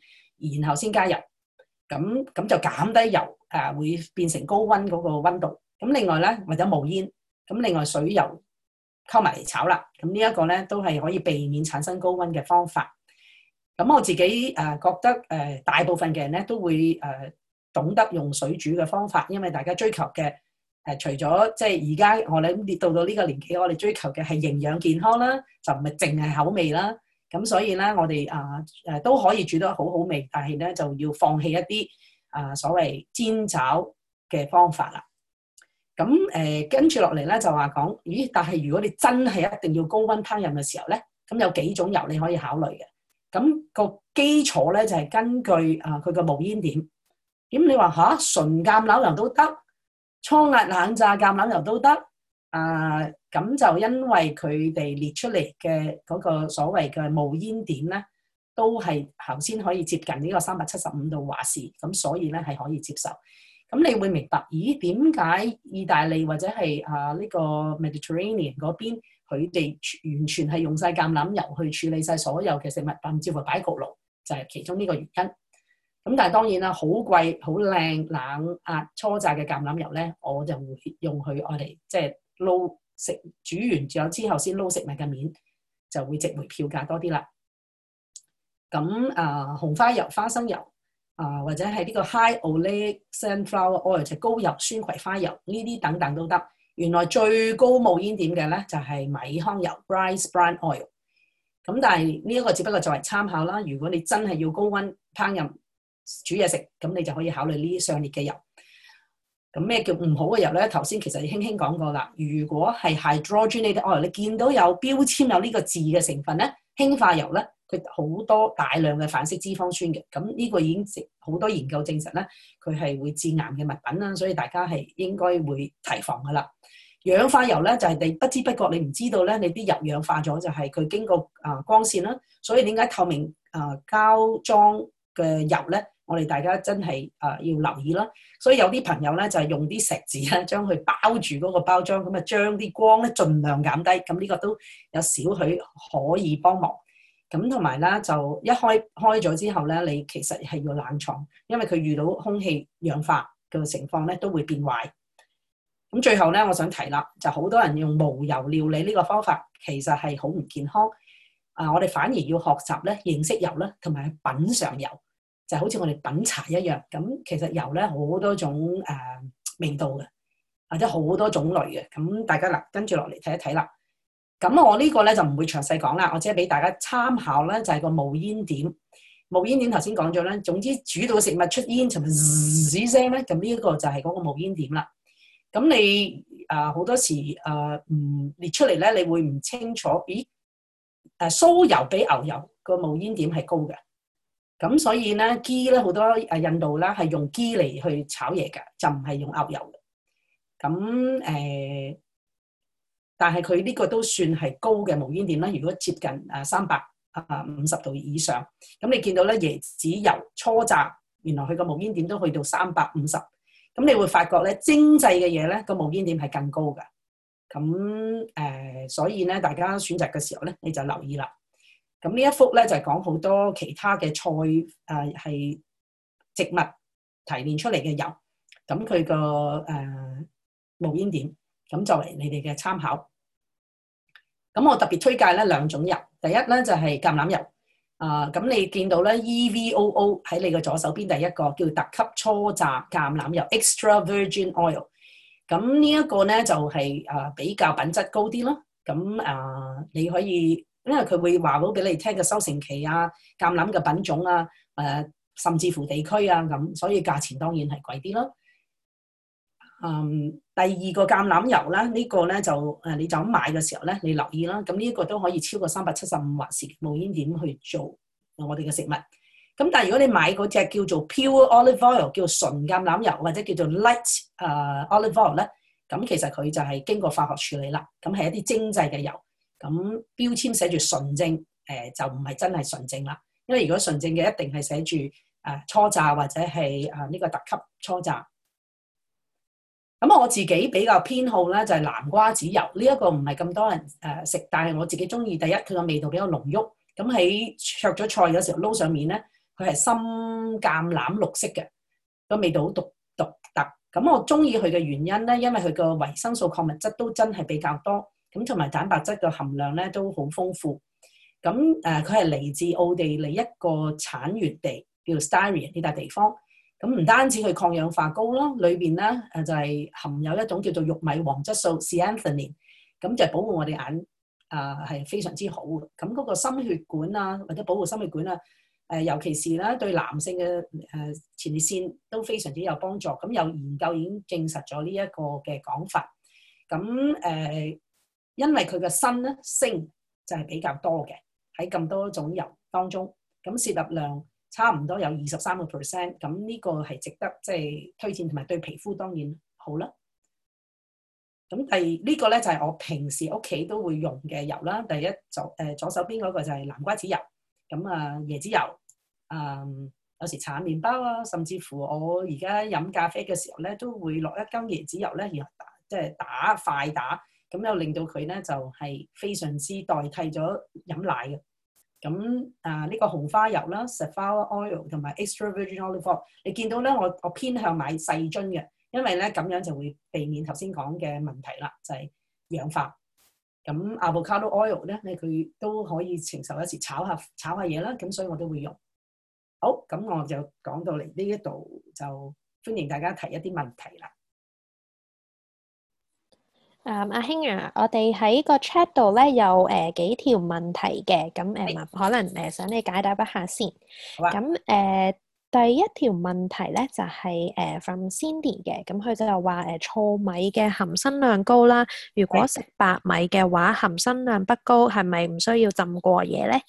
然後先加入，咁咁就減低油誒，會變成高温嗰個温度。咁另外咧或者冒煙，咁另外水油溝埋嚟炒啦。咁呢一個咧都係可以避免產生高温嘅方法。咁我自己誒覺得誒大部分嘅人咧都會誒懂得用水煮嘅方法，因為大家追求嘅誒除咗即係而家我哋到到呢個年紀，我哋追求嘅係營養健康啦，就唔係淨係口味啦。咁所以咧，我哋啊誒都可以煮得很好好味，但係咧就要放棄一啲啊、呃、所謂煎炒嘅方法啦。咁誒跟住落嚟咧就話講，咦？但係如果你真係一定要高溫烹飪嘅時候咧，咁有幾種油你可以考慮嘅。咁、嗰個基礎咧就係、是、根據啊佢嘅冒煙點。咁、嗯、你話吓，純橄欖油都得，初壓冷榨橄欖油都得，啊。咁就因為佢哋列出嚟嘅嗰個所謂嘅冒煙點咧，都係頭先可以接近呢個三百七十五度華氏，咁所以咧係可以接受。咁你會明白，咦，點解意大利或者係啊呢、呢個 Mediterranean 嗰邊佢哋完全係用晒橄欖油去處理晒所有嘅食物，甚至乎擺焗爐就係、是、其中呢個原因。咁但係當然啦，好貴好靚冷壓、啊、初榨嘅橄欖油咧，我就用佢。我哋即係撈。食煮完咗之後，先撈食物嘅面，就會值回票價多啲啦。咁啊、呃，紅花油、花生油啊、呃，或者係呢個 high oleic sunflower oil 就高油酸葵花油呢啲等等都得。原來最高冒煙點嘅咧，就係、係、米糠油 （rice bran oil）。咁但係呢一個只不過作為參考啦。如果你真係要高溫烹飪煮嘢食，咁你就可以考慮呢啲上列嘅油。咁咩叫唔好嘅油咧？頭先其實輕輕講過啦。如果係 Hydrogenated Oil，你見到有標籤有呢個字嘅成分咧，氫化油咧，佢好多大量嘅反式脂肪酸嘅。咁呢個已經好多研究證實呢，佢係會致癌嘅物品啦，所以大家係應該會提防噶啦。氧化油咧就係、是、你不知不覺你唔知道咧，你啲油氧化咗就係佢經過啊光線啦。所以點解透明啊膠裝嘅油咧？我哋大家真係啊，要留意啦。所以有啲朋友咧，就係、是、用啲錫紙咧，將佢包住嗰個包裝，咁啊，將啲光咧，儘量減低。咁呢個都有少許可以幫忙。咁同埋咧，就一開開咗之後咧，你其實係要冷藏，因為佢遇到空氣氧化嘅情況咧，都會變壞。咁最後咧，我想提啦，就好多人用無油料理呢個方法，其實係好唔健康。啊、呃，我哋反而要學習咧，認識油啦，同埋品嘗油。就好似我哋品茶一樣，咁其實油咧，好多種誒、呃、味道嘅，或者好多種類嘅。咁大家嗱，跟住落嚟睇一睇啦。咁我個呢個咧就唔會詳細講啦，我只係俾大家參考咧，就係、是、個冒煙點。冒煙點頭先講咗咧，總之煮到食物出煙，有冇嗞聲咧？咁呢一個就係嗰個冒煙點啦。咁你誒好、呃、多時誒唔、呃、列出嚟咧，你會唔清楚？咦誒、呃、酥油比牛油個冒煙點係高嘅。咁所以咧，雞咧好多誒印度啦，係用雞嚟去炒嘢噶，就唔係用牛油嘅。咁誒、呃，但係佢呢個都算係高嘅冒煙點啦。如果接近誒三百啊五十度以上，咁你見到咧椰子油初榨，原來佢個冒煙點都去到三百五十。咁你會發覺咧，精製嘅嘢咧個冒煙點係更高嘅。咁誒、呃，所以咧大家選擇嘅時候咧，你就留意啦。咁呢一幅咧就係講好多其他嘅菜誒係、呃、植物提煉出嚟嘅油，咁佢個誒冒煙點，咁作為你哋嘅參考。咁我特別推介咧兩種油，第一咧就係、是、橄欖油啊，咁、呃、你見到咧 EVOO 喺你嘅左手邊第一個叫特級初榨橄欖油 （extra virgin oil），咁呢一個咧就係、是、誒比較品質高啲咯，咁啊、呃、你可以。因為佢會話到俾你聽嘅收成期啊、橄欖嘅品種啊、誒、呃、甚至乎地區啊咁，所以價錢當然係貴啲咯。嗯，第二個橄欖油啦，這個、呢個咧就誒你就咁買嘅時候咧，你留意啦。咁呢一個都可以超過三百七十五或是無煙點去做我哋嘅食物。咁但係如果你買嗰隻叫做 pure olive oil 叫純橄欖油或者叫做 light 誒 olive oil 咧，咁其實佢就係經過化學處理啦，咁係一啲精製嘅油。咁標籤寫住純正，誒、呃、就唔係真係純正啦。因為如果純正嘅一定係寫住誒、呃、初榨或者係誒呢個特級初榨。咁我自己比較偏好咧就係、是、南瓜籽油。呢、這、一個唔係咁多人誒、呃、食，但係我自己中意。第一，佢個味道比較濃郁。咁喺灼咗菜嘅時候撈上面咧，佢係深橄欖綠色嘅，個味道好獨獨特。咁我中意佢嘅原因咧，因為佢個維生素礦物質都真係比較多。咁同埋蛋白質嘅含量咧都好豐富，咁誒佢係嚟自奧地利一個產源地，叫做 Styria 呢笪地方。咁唔單止佢抗氧化高咯，裏邊咧誒就係、是、含有一種叫做玉米黃質素 zeaxanthin 咁就保護我哋眼啊係、呃、非常之好嘅。咁嗰個心血管啊或者保護心血管啊誒、呃，尤其是咧對男性嘅誒、呃、前列腺都非常之有幫助。咁有研究已經證實咗呢一個嘅講法。咁誒。呃因為佢嘅鋅咧升就係、是、比較多嘅，喺咁多種油當中，咁攝入量差唔多有二十三個 percent，咁呢個係值得即係、就是、推薦，同埋對皮膚當然好啦。咁第二呢、這個咧就係我平時屋企都會用嘅油啦。第一左誒、呃、左手邊嗰個就係南瓜籽油，咁啊椰子油，嗯，有時搽下麵包啊，甚至乎我而家飲咖啡嘅時候咧，都會落一羹椰子油咧，然後打即係、就是、打快打。咁又令到佢咧就係、是、非常之代替咗飲奶嘅。咁啊呢個紅花油啦、safflower oil 同埋 extra virgin olive oil，你見到咧我我偏向買細樽嘅，因為咧咁樣就會避免頭先講嘅問題啦，就係、是、氧化。咁 avocado oil 咧，咧、啊、佢都可以承受時一次炒一下炒下嘢啦。咁所以我都會用。好，咁我就講到嚟呢一度，就歡迎大家提一啲問題啦。啊，阿兄啊，我哋喺個 chat 度咧有誒幾條問題嘅，咁誒可能誒想你解答一下先。好啊。咁誒第一條問題咧就係誒 from Cindy 嘅，咁佢就話誒糙米嘅含砷量高啦，如果食白米嘅話含砷量不高，係咪唔需要浸過夜咧？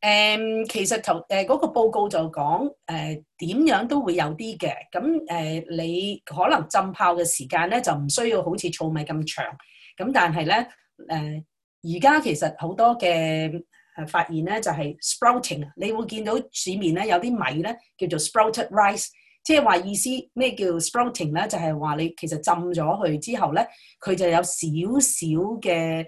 誒、um，其實頭誒嗰個報告就講誒點樣都會有啲嘅，咁、呃、誒你可能浸泡嘅時間咧就唔需要好似糙米咁長，咁但係咧誒而家其實好多嘅誒發現咧就係 sprouting，你會見到市面咧有啲米咧叫做 sprouted rice，即係話意思咩叫 sprouting 咧？就係、是、話你其實浸咗去之後咧，佢就有少少嘅。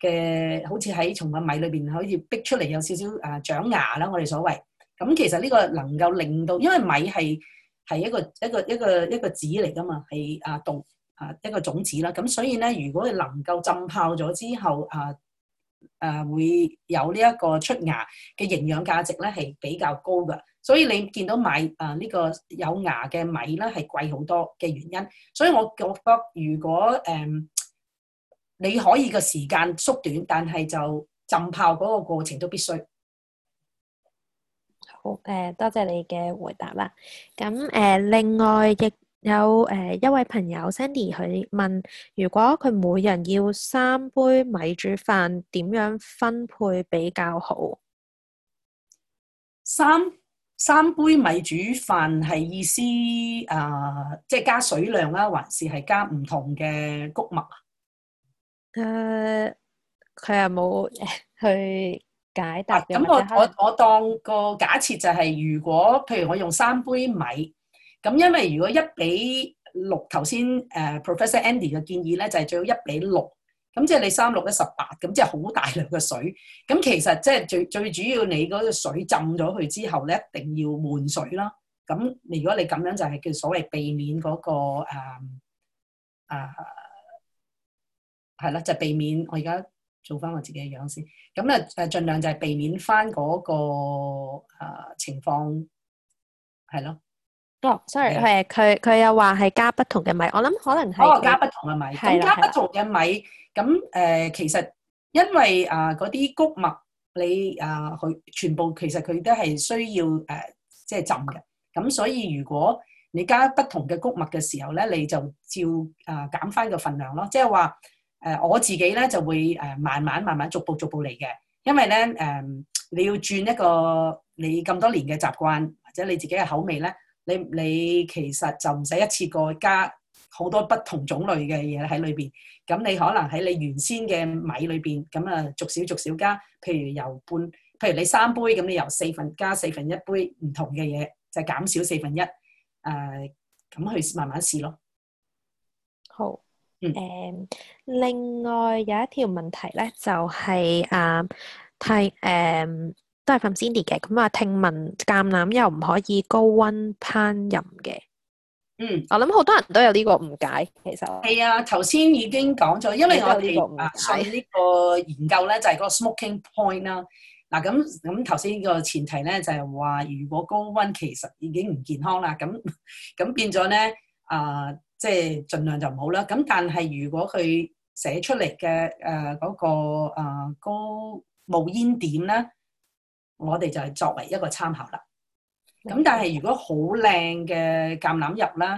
嘅好似喺從個米裏邊好似逼出嚟有少少啊長牙啦，我哋所謂咁，其實呢個能夠令到，因為米係係一個一個一個一個籽嚟噶嘛，係啊，種啊一個種子啦。咁所以咧，如果能夠浸泡咗之後啊啊，會有呢一個出牙嘅營養價值咧，係比較高噶。所以你見到買啊呢個有牙嘅米咧，係貴好多嘅原因。所以我覺得如果誒。嗯你可以嘅時間縮短，但係就浸泡嗰個過程都必須好。誒，多謝你嘅回答啦。咁誒、呃，另外亦有誒一位朋友 Sandy 佢問，如果佢每人要三杯米煮飯，點樣分配比較好？三三杯米煮飯係意思啊？即、呃、係、就是、加水量啦，還是係加唔同嘅谷物？誒，佢又冇去解答。咁我我我當個假設就係，如果譬如我用三杯米，咁因為如果一比六，頭先誒 Professor Andy 嘅建議咧，就係最好一比六。咁即係你三六一十八，咁即係好大量嘅水。咁其實即係最最主要，你嗰個水浸咗佢之後咧，一定要換水啦。咁如果你咁樣就係叫所謂避免嗰個誒誒。係啦，就避免我而家做翻我自己嘅樣先。咁咧誒，盡量就係避免翻嗰個誒情況係咯。哦，sorry，誒佢佢又話係加不同嘅米，我諗可能係哦加不同嘅米，咁加不同嘅米，咁誒其實因為誒嗰啲穀物，你誒佢全部其實佢都係需要誒即係浸嘅。咁所以如果你加不同嘅穀物嘅時候咧，你就照誒減翻個份量咯，即係話。誒我自己咧就會誒慢慢慢慢逐步逐步嚟嘅，因為咧誒你要轉一個你咁多年嘅習慣或者你自己嘅口味咧，你你其實就唔使一次過加好多不同種類嘅嘢喺裏邊。咁你可能喺你原先嘅米裏邊，咁啊逐少逐少加，譬如由半，譬如你三杯咁，你由四份加四分一杯唔同嘅嘢，就減少四分一誒，咁去慢慢試咯。好。誒、mm. um,，另外有一條問題咧，就係、是、啊，係誒、啊，都係范 Cindy 嘅。咁啊，聽聞橄欖又唔可以高溫烹飪嘅。嗯、mm.，我諗好多人都有呢個誤解，其實係啊，頭先已經講咗，因為我哋啊信呢個研究咧，就係、是、嗰個 smoking point 啦、啊。嗱，咁咁頭先個前提咧，就係、是、話如果高溫其實已經唔健康啦，咁咁變咗咧啊。即係盡量就唔好啦。咁但係如果佢寫出嚟嘅誒嗰個高冒、呃那個呃那個、煙點咧，我哋就係作為一個參考啦。咁、嗯、但係如果好靚嘅橄欖油啦，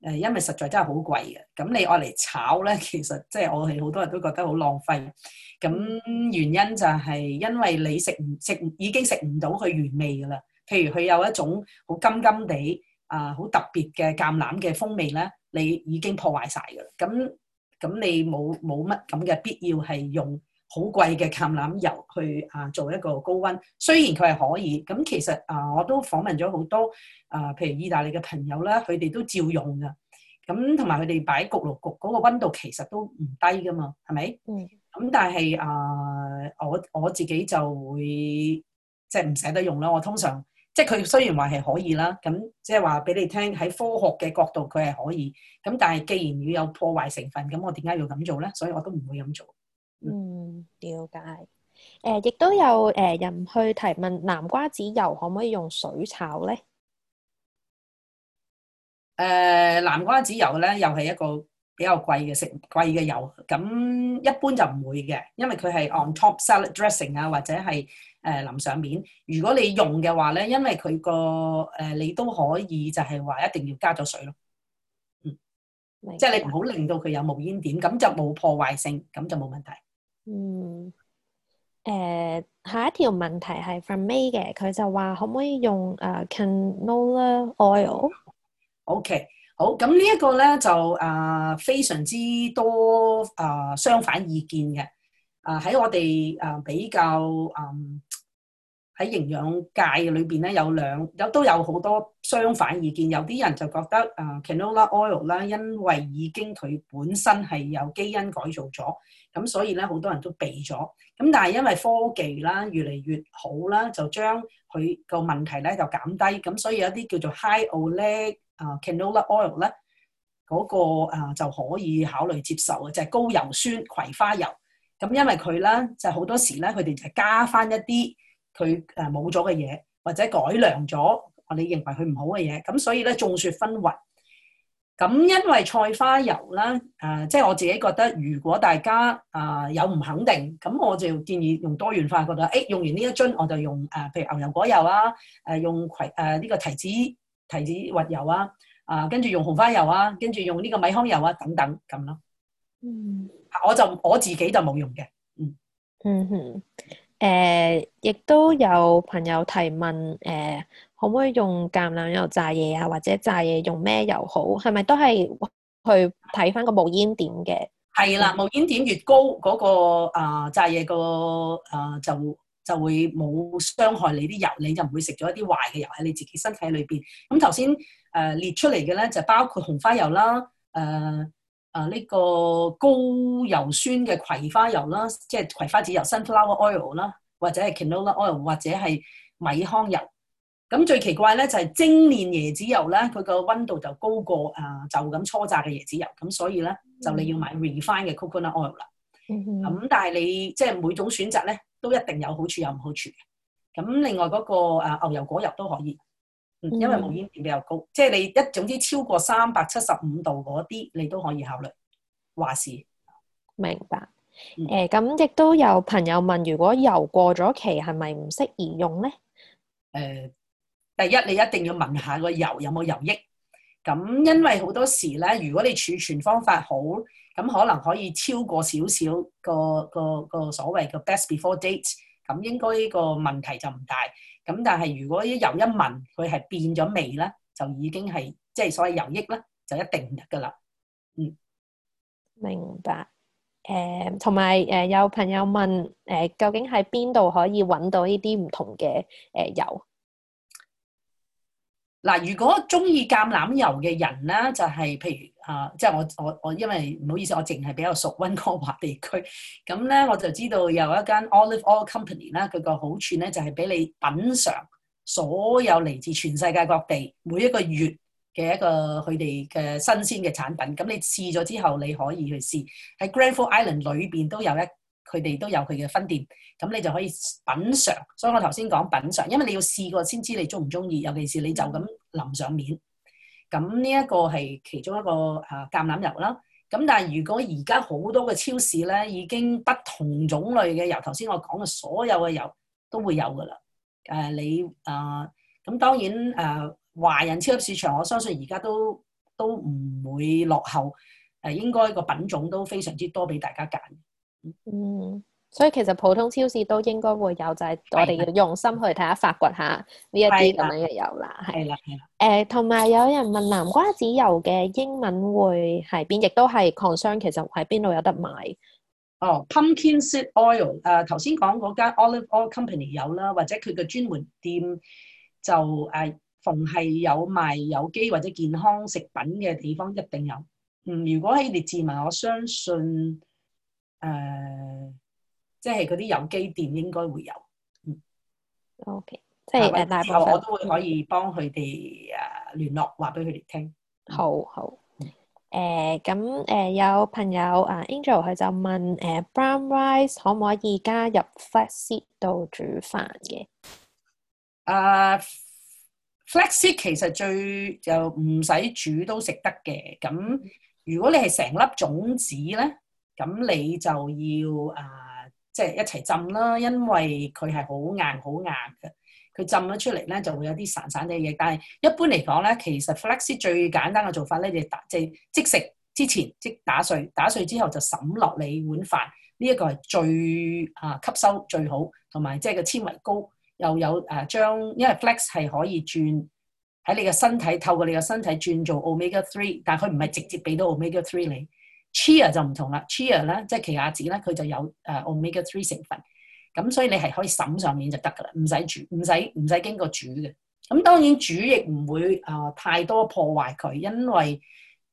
誒、呃、因為實在真係好貴嘅。咁你愛嚟炒咧，其實即係我哋好多人都覺得好浪費。咁原因就係因為你食唔食已經食唔到佢原味㗎喇。譬如佢有一種好甘甘哋。啊、呃，好特別嘅橄欖嘅風味咧，你已經破壞曬噶，咁咁你冇冇乜咁嘅必要係用好貴嘅橄欖油去啊、呃、做一個高温，雖然佢係可以，咁其實啊、呃、我都訪問咗好多啊、呃，譬如意大利嘅朋友啦，佢哋都照用噶，咁同埋佢哋擺焗爐焗嗰個温度其實都唔低噶嘛，係咪？嗯。咁但係啊，我我自己就會即係唔捨得用啦，我通常。即係佢雖然話係可以啦，咁即係話俾你聽，喺科學嘅角度，佢係可以，咁但係既然要有破壞成分，咁我點解要咁做咧？所以我都唔會咁做。嗯，了解。誒、呃，亦都有誒、呃、人去提問，南瓜籽油可唔可以用水炒咧？誒、呃，南瓜籽油咧又係一個。比較貴嘅食貴嘅油，咁一般就唔會嘅，因為佢係 on top salad dressing 啊，或者係誒、呃、淋上面。如果你用嘅話咧，因為佢、嗰個誒、呃、你都可以就係話一定要加咗水咯，嗯，即係你唔好令到佢有冒煙點，咁就冇破壞性，咁就冇問題。嗯，誒、呃、下一條問題係 from May 嘅，佢就話可唔可以用誒、呃、canola oil？OK、okay。好，咁呢一個咧就啊、呃、非常之多啊、呃、相反意見嘅，啊喺我哋啊比較嗯喺、呃、營養界嘅裏邊咧有兩有都有好多相反意見，有啲人就覺得啊、呃、canola oil 啦，因為已經佢本身係有基因改造咗，咁所以咧好多人都避咗。咁但係因為科技啦越嚟越好啦，就將佢個問題咧就減低，咁所以有啲叫做 high oleic 啊，canola oil 咧嗰個就可以考慮接受嘅，就係高油酸葵花油。咁因為佢咧就好多時咧佢哋就加翻一啲佢冇咗嘅嘢，或者改良咗我哋認為佢唔好嘅嘢。咁所以咧眾說紛紜。咁因為菜花油啦，即係我自己覺得，如果大家啊有唔肯定，咁我就建議用多元化覺得、欸、用完呢一樽我就用誒，譬如牛油果油啊，用葵呢、呃呢個提子。提子核油啊，啊，跟住用紅花油啊，跟住用呢個米糠油啊，等等咁咯。嗯，我就我自己就冇用嘅。嗯嗯哼，誒、呃，亦都有朋友提問，誒、呃，可唔可以用橄欖油炸嘢啊？或者炸嘢用咩油好？係咪都係去睇翻個冒煙點嘅？係啦，冒煙點越高，嗰、那個啊、呃、炸嘢個啊就。就會冇傷害你啲油，你就唔會食咗一啲壞嘅油喺你自己身體裏邊。咁頭先誒列出嚟嘅咧，就包括紅花油啦，誒誒呢個高油酸嘅葵花油啦，即係葵花籽油 （sunflower oil） 啦，或者係 canola oil，或者係米糠油。咁最奇怪咧就係精煉椰子油咧，佢個溫度就高過誒就咁初榨嘅椰子油，咁所以咧就你要買 refine 嘅 coconut oil 啦。咁、嗯、但係你即係每種選擇咧，都一定有好處有唔好處嘅，咁另外嗰個誒牛油果油都可以，嗯，因為冒煙點比較高，即係你一總之超過三百七十五度嗰啲，你都可以考慮話事。明白，誒咁亦都有朋友問，如果油過咗期係咪唔適宜用咧？誒、呃，第一你一定要問下個油有冇油益。咁因為好多時咧，如果你儲存方法好。咁可能可以超過少少個個個所謂嘅 best before date，咁應該呢個問題就唔大。咁但係如果啲油一聞佢係變咗味啦，就已經係即係所謂油膉啦，就一定唔得㗎啦。嗯，明白。誒，同埋誒有朋友問誒，究竟喺邊度可以揾到呢啲唔同嘅誒油？嗱，如果中意橄欖油嘅人咧，就係、是、譬如啊，即係我我我，我我因為唔好意思，我淨係比較熟溫哥華地區，咁咧我就知道有一間 Olive Oil Company 啦，佢個好處咧就係俾你品嚐所有嚟自全世界各地每一個月嘅一個佢哋嘅新鮮嘅產品，咁你試咗之後你可以去試喺 Granville Island 裏邊都有一。佢哋都有佢嘅分店，咁你就可以品嚐。所以我頭先講品嚐，因為你要試過先知你鍾唔鍾意，尤其是你就咁淋上面。咁呢一個係其中一個啊橄欖油啦。咁但係如果而家好多嘅超市咧，已經不同種類嘅油，頭先我講嘅所有嘅油都會有㗎喇。誒、呃、你啊，咁、呃、當然誒、呃、華人超級市場，我相信而家都都唔會落後。誒、呃、應該個品種都非常之多畀大家揀。嗯，所以其實普通超市都應該會有，就係、是、我哋要用心去睇下、發掘下呢一啲咁樣嘅油啦。係啦，係啦。誒，同埋有，有人問南瓜籽油嘅英文會係邊，亦都係抗商，其實喺邊度有得買？哦、oh，pumpkin seed oil、呃。誒，頭先講嗰間 Olive Oil Company 有啦，或者佢嘅專門店就誒、呃，逢係有賣有機或者健康食品嘅地方一定有。嗯、呃，如果係列治文，我相信。誒、呃，即係嗰啲有機店應該會有，嗯，OK，即係大後我都會可以幫佢哋啊聯絡，話俾佢哋聽。好好，誒、呃，咁誒，有朋友啊，Angel 佢就問誒、呃、，Brown Rice 可唔可以加入 Flaxseed 度煮飯嘅？啊，Flaxseed 其實最就唔使煮都食得嘅，咁如果你係成粒種子咧。咁你就要啊，即、呃、係、就是、一齊浸啦，因為佢係好硬好硬嘅。佢浸咗出嚟咧，就會有啲散散嘅嘢。但係一般嚟講咧，其實 flex 的最簡單嘅做法咧，就係即係即食之前即打碎，打碎之後就沈落你碗飯。呢、這、一個係最啊、呃、吸收最好，同埋即係個纖維高又有誒、呃、將，因為 flex 係可以轉喺你嘅身體，透過你嘅身體轉做 omega three，但係佢唔係直接俾到 omega three 你。chia 就唔同啦，chia 咧即係奇亞籽咧，佢就有誒 omega three 成分，咁所以你係可以瀡上面就得噶啦，唔使煮，唔使唔使經過煮嘅。咁當然煮亦唔會誒、呃、太多破壞佢，因為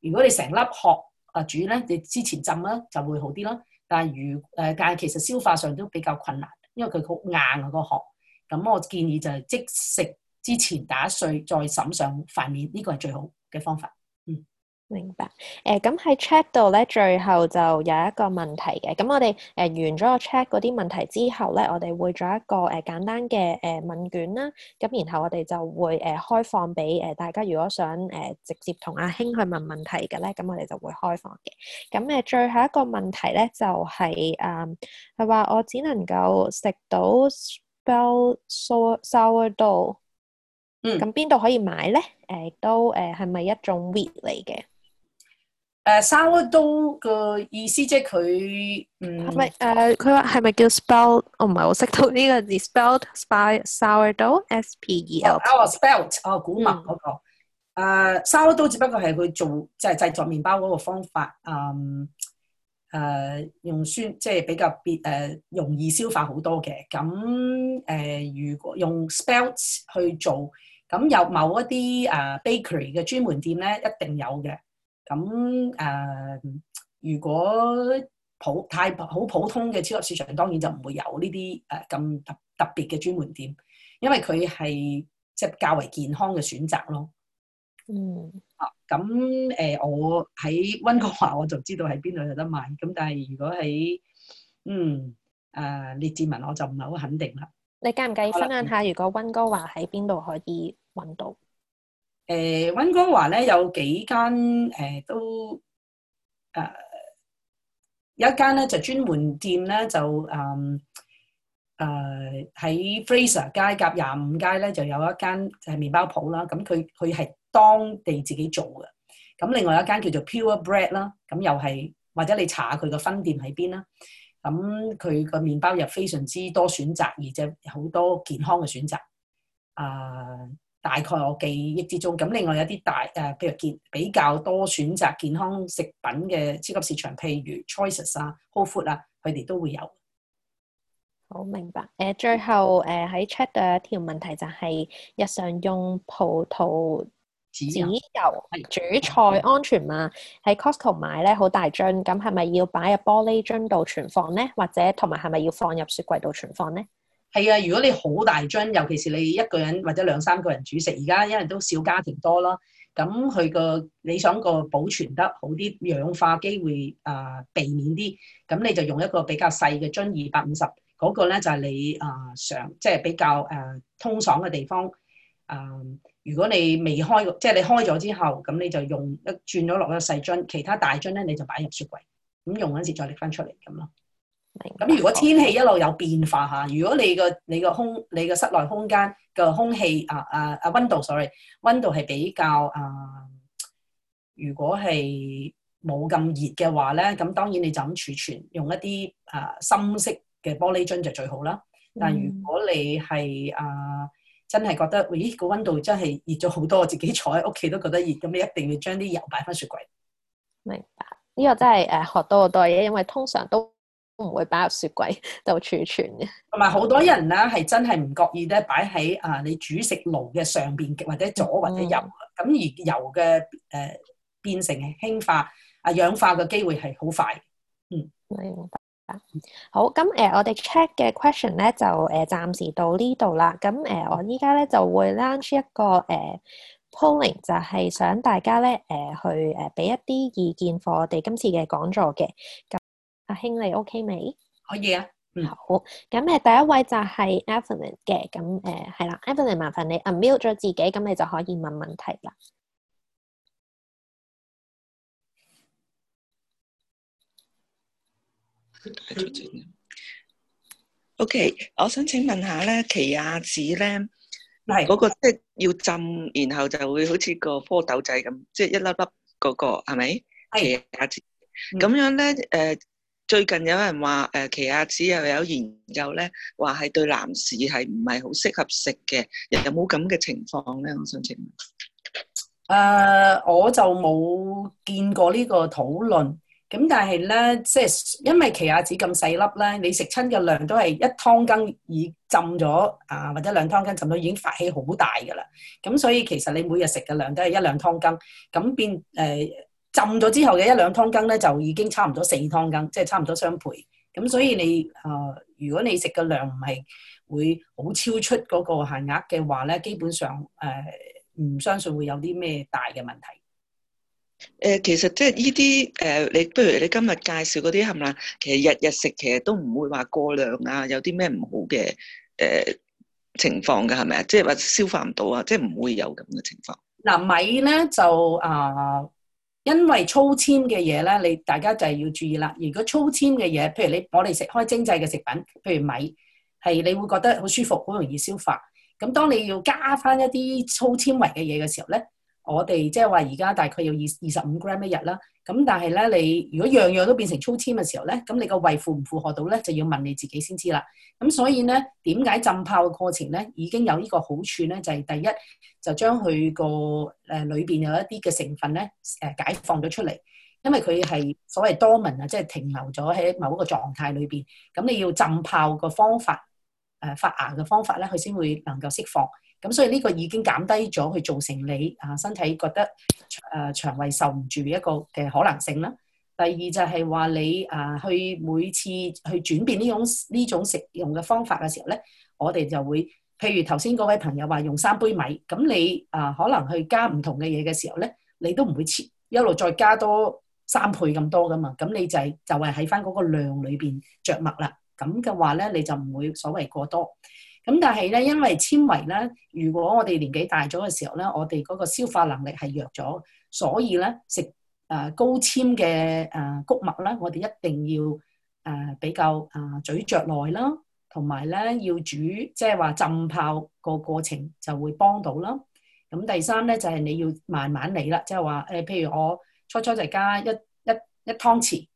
如果你成粒殼誒煮咧，你之前浸咧就會好啲咯。但係如誒、呃，但係其實消化上都比較困難，因為佢好硬啊個殼。咁我建議就係即食之前打碎，再瀡上塊面，呢個係最好嘅方法。明白，誒、呃，咁喺 check 度咧，最後就有一個問題嘅，咁我哋誒、呃、完咗個 check 嗰啲問題之後咧，我哋會做一個誒、呃、簡單嘅誒、呃、問卷啦，咁然後我哋就會誒、呃、開放俾誒大家，如果想誒、呃、直接同阿興去問問題嘅咧，咁我哋就會開放嘅，咁誒、呃、最後一個問題咧就係誒係話我只能夠食到 spelt sourdough，嗯，咁邊度可以買咧？誒、呃、都誒係咪一種 wheat 嚟嘅？誒、uh,，sourdough 嘅意思即係佢，唔係誒，佢話係咪叫 spelt？我唔係好識到呢個字，spelt、spie、sourdough、s-p-e-l。哦，spelt 哦，穀物嗰個誒、uh,，sourdough 只不過係佢做即係製作麵包嗰個方法，嗯誒，用酸即係、就是、比較別誒，uh, 容易消化好多嘅。咁誒，uh, 如果用 spelt 去做，咁有某一啲誒、uh, bakery 嘅專門店咧，一定有嘅。咁誒、呃，如果普太好普通嘅超級市場，當然就唔會有呢啲誒咁特特別嘅專門店，因為佢係即係較為健康嘅選擇咯。嗯。啊，咁誒、呃，我喺溫哥華我，嗯呃、我就知道喺邊度有得賣，咁但係如果喺嗯誒列治文，我就唔係好肯定啦。你介唔介意分享下？如果溫哥華喺邊度可以揾到？誒、呃，温哥華咧有幾間誒、呃，都誒，有、呃、一間咧就專門店咧，就誒誒喺 Fraser 街夾廿五街咧，就有一間就係麵包鋪啦。咁佢佢係當地自己做嘅。咁另外一間叫做 Pure Bread 啦，咁又係或者你查下佢嘅分店喺邊啦。咁佢個麵包又非常之多選擇，而且好多健康嘅選擇。誒、呃。大概我記憶之中，咁另外有啲大誒，譬如健比較多選擇健康食品嘅超級市場，譬如 Choices 啊、Whole Food 啦，佢哋都會有。好明白。誒，最後誒喺 chat 度有一條問題、就是，就係日常用葡萄籽油煮菜安全嘛，喺 Costco 買咧，好大樽，咁係咪要擺入玻璃樽度存放咧？或者同埋係咪要放入雪櫃度存放咧？係啊，如果你好大樽，尤其是你一個人或者兩三個人煮食，而家因為都小家庭多啦，咁佢個你想個保存得好啲，氧化機會啊避免啲，咁你就用一個比較細嘅樽二百五十，嗰個咧就係、是、你啊想即係比較誒、呃、通爽嘅地方。誒、呃，如果你未開，即、就、係、是、你開咗之後，咁你就用轉了一轉咗落一個細樽，其他大樽咧你就擺入雪櫃，咁用嗰陣時再拎翻出嚟咁咯。咁如果天氣一路有變化吓，如果你個你個空你個室內空間嘅空氣啊啊啊溫度，sorry，溫度係比較啊，如果係冇咁熱嘅話咧，咁當然你就咁儲存，用一啲啊深色嘅玻璃樽就最好啦，嗯。但如果你係啊真係覺得，咦個溫度真係熱咗好多，我自己坐喺屋企都覺得熱，咁你一定要將啲油擺翻雪櫃。明白，呢個真係誒學到好多嘢，因為通常都。唔會擺入雪櫃度儲存嘅，同埋好多人咧係真係唔覺意咧擺喺啊你煮食爐嘅上邊或者左、嗯、或者右，咁而油嘅誒變成氫化啊氧化嘅機會係好快。嗯、明、嗯、白。好，咁誒我哋 check 嘅 question 咧就誒暫時到呢度啦。咁誒我依家咧就會 launch 一個誒 polling，就係、是、想大家咧誒去誒俾一啲意見我們的，我哋今次嘅講座嘅咁。阿卿你 OK 未？可以啊，嗯、好。咁誒，第一位就係 Evelyn 嘅，咁誒係啦。Evelyn 麻煩你誒 mute 咗自己，咁你就可以問問題啦、嗯。OK，我想請問下咧，奇亞籽咧，嗱，嗰、那個即係要浸，然後就會好似個蝌蚪仔咁，即、就、係、是、一粒粒嗰、那個係咪？奇亞籽。咁、嗯、樣咧，誒、呃。最近有人話誒奇亞籽又有研究咧，話係對男士係唔係好適合食嘅人？有冇咁嘅情況咧？我想請問。誒，我就冇見過呢個討論。咁但係咧，即係因為奇亞籽咁細粒咧，你食親嘅量都係一湯羹已浸咗啊，或者兩湯羹浸咗已經發起好大㗎啦。咁所以其實你每日食嘅量都係一兩湯羹咁變誒。浸咗之後嘅一兩湯羹咧，就已經差唔多四湯羹，即、就、係、是、差唔多雙倍。咁所以你啊、呃，如果你食嘅量唔係會好超出嗰個限額嘅話咧，基本上誒唔、呃、相信會有啲咩大嘅問題。誒、呃，其實即係依啲誒，你、呃、不如你今日介紹嗰啲係咪啊？其實日日食其實都唔會話過量啊，有啲咩唔好嘅誒、呃、情況㗎？係咪啊？即係話消化唔到啊？即係唔會有咁嘅情況。嗱、呃，米咧就啊～、呃因為粗纖嘅嘢呢，你大家就係要注意啦。如果粗纖嘅嘢，譬如你我哋食開精製嘅食品，譬如米，係你會覺得好舒服、好容易消化。噉當你要加翻一啲粗纖維嘅嘢嘅時候呢，我哋即係話而家大概要二二十五 gram 一日啦。咁但係咧，你如果樣樣都變成粗纖嘅時候咧，咁你個胃負唔符合到咧，就要問你自己先知啦。咁所以咧，點解浸泡嘅過程咧，已經有呢個好處咧，就係、是、第一就將佢個誒裏邊有一啲嘅成分咧誒解放咗出嚟，因為佢係所謂多文啊，即、就、係、是、停留咗喺某一個狀態裏邊。咁你要浸泡個方法誒、呃、發芽嘅方法咧，佢先會能夠釋放。咁所以呢個已經減低咗，去造成你啊身體覺得誒腸胃受唔住嘅一個嘅可能性啦。第二就係話你啊去每次去轉變呢種呢種食用嘅方法嘅時候咧，我哋就會譬如頭先嗰位朋友話用三杯米，咁你啊可能去加唔同嘅嘢嘅時候咧，你都唔會切一路再加多三倍咁多㗎嘛。咁你就係就係喺返嗰個量裏邊着墨啦。咁嘅話咧，你就唔會所謂過多。咁但係咧，因為纖維咧，如果我哋年紀大咗嘅時候咧，我哋嗰個消化能力係弱咗，所以咧食誒高纖嘅誒穀物咧，我哋一定要誒比較誒咀嚼耐啦，同埋咧要煮，即係話浸泡個過程就會幫到啦。咁第三咧就係你要慢慢嚟啦，即係話誒，譬如我初初就加一一一湯匙，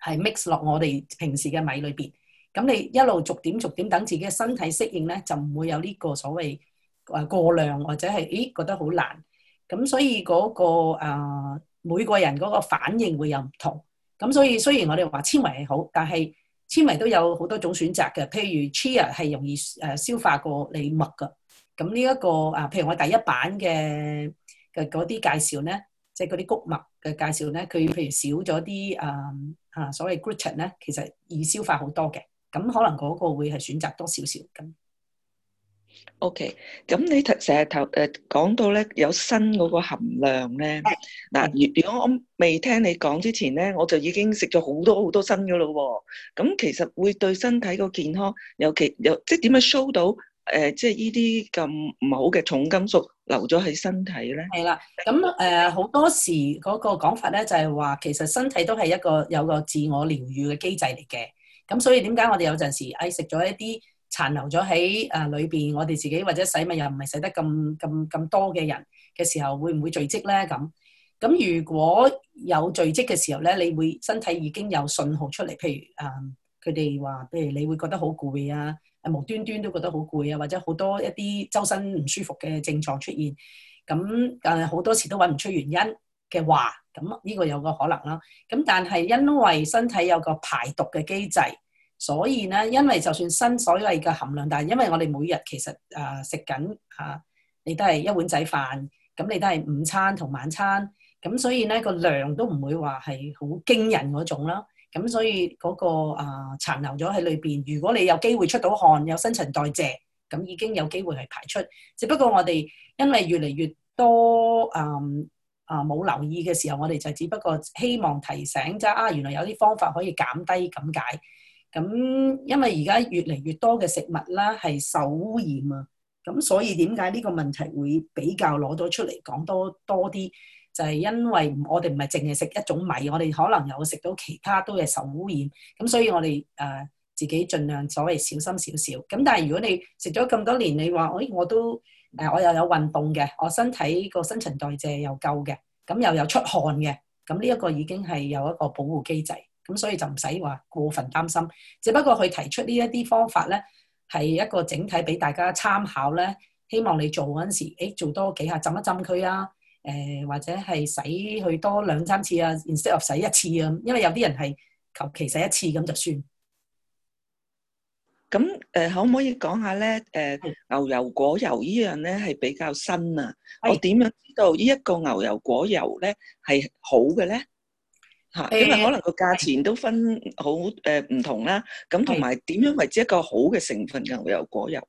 係 mix 落我哋平時嘅米裏邊。咁你一路逐點逐點等自己嘅身體適應咧，就唔會有呢個所謂誒過量，或者係咦覺得好難。咁所以嗰個誒每個人嗰個反應會有唔同。咁所以雖然我哋話纖維係好，但係纖維都有好多種選擇嘅。譬如 chia 係容易誒消化過藜麥嘅。咁呢一個誒，譬如我第一版嘅嘅嗰啲介紹咧，即係嗰啲穀物嘅介紹咧，佢譬如少咗啲誒嚇所謂 gluten 咧，其實易消化好多嘅。咁可能嗰個會係選擇多少少咁。O K，咁你頭成日頭誒講到咧，有鋅嗰個含量咧，嗱、嗯、如如果我未聽你講之前咧，我就已經食咗好多好多鋅嘅咯喎。咁其實會對身體個健康，尤其有即係點樣 show 到誒，即係呢啲咁唔好嘅重金屬留咗喺身體咧？係啦，咁誒好多時嗰個講法咧，就係話其實身體都係一個有一個自我療愈嘅機制嚟嘅。咁所以點解我哋有陣時誒食咗一啲殘留咗喺誒裏邊，我哋自己或者洗米又唔係洗得咁咁咁多嘅人嘅時候，會唔會聚積咧？咁咁如果有聚積嘅時候咧，你會身體已經有信號出嚟，譬如誒佢哋話，譬如你會覺得好攰啊，無端端都覺得好攰啊，或者好多一啲周身唔舒服嘅症狀出現，咁誒好多時都揾唔出原因，嘅話，咁呢個有個可能啦。咁但係因為身體有個排毒嘅機制，所以咧，因為就算新所謂嘅含量，但係因為我哋每日其實、呃、食緊、啊、你都係一碗仔飯，咁你都係午餐同晚餐，咁所以咧個量都唔會話係好驚人嗰種啦。咁所以嗰、那個殘、呃、殘留咗喺裏面，如果你有機會出到汗，有新陳代謝，咁已經有機會係排出。只不過我哋因為越嚟越多誒。嗯啊！冇留意嘅時候，我哋就只不過希望提醒啫。啊，原來有啲方法可以減低咁解。咁因為而家越嚟越多嘅食物啦，係受污染啊。咁所以點解呢個問題會比較攞到出嚟講多多啲？就係、是、因為我哋唔係淨係食一種米，我哋可能又食到其他都係受污染。咁所以我哋誒、啊、自己儘量所謂小心少少。咁但係如果你食咗咁多年，你話誒、哎、我都。誒我又有運動嘅，我身體個新陳代謝又夠嘅，咁又有出汗嘅，咁呢一個已經係有一個保護機制，咁所以就唔使話過分擔心。只不過佢提出呢一啲方法咧，係一個整體俾大家參考咧，希望你做嗰陣時，誒做多幾下浸一浸佢啊，誒或者係洗佢多兩三次啊，然之後洗一次啊，因為有啲人係求其洗一次咁就算。咁誒，可唔可以講下咧？誒牛油果油依樣咧係比較新啊。我點樣知道依一個牛油果油咧係好嘅咧？嚇，因為可能個價錢都分好誒唔同啦。咁同埋點樣為之一個好嘅成分嘅牛油果油？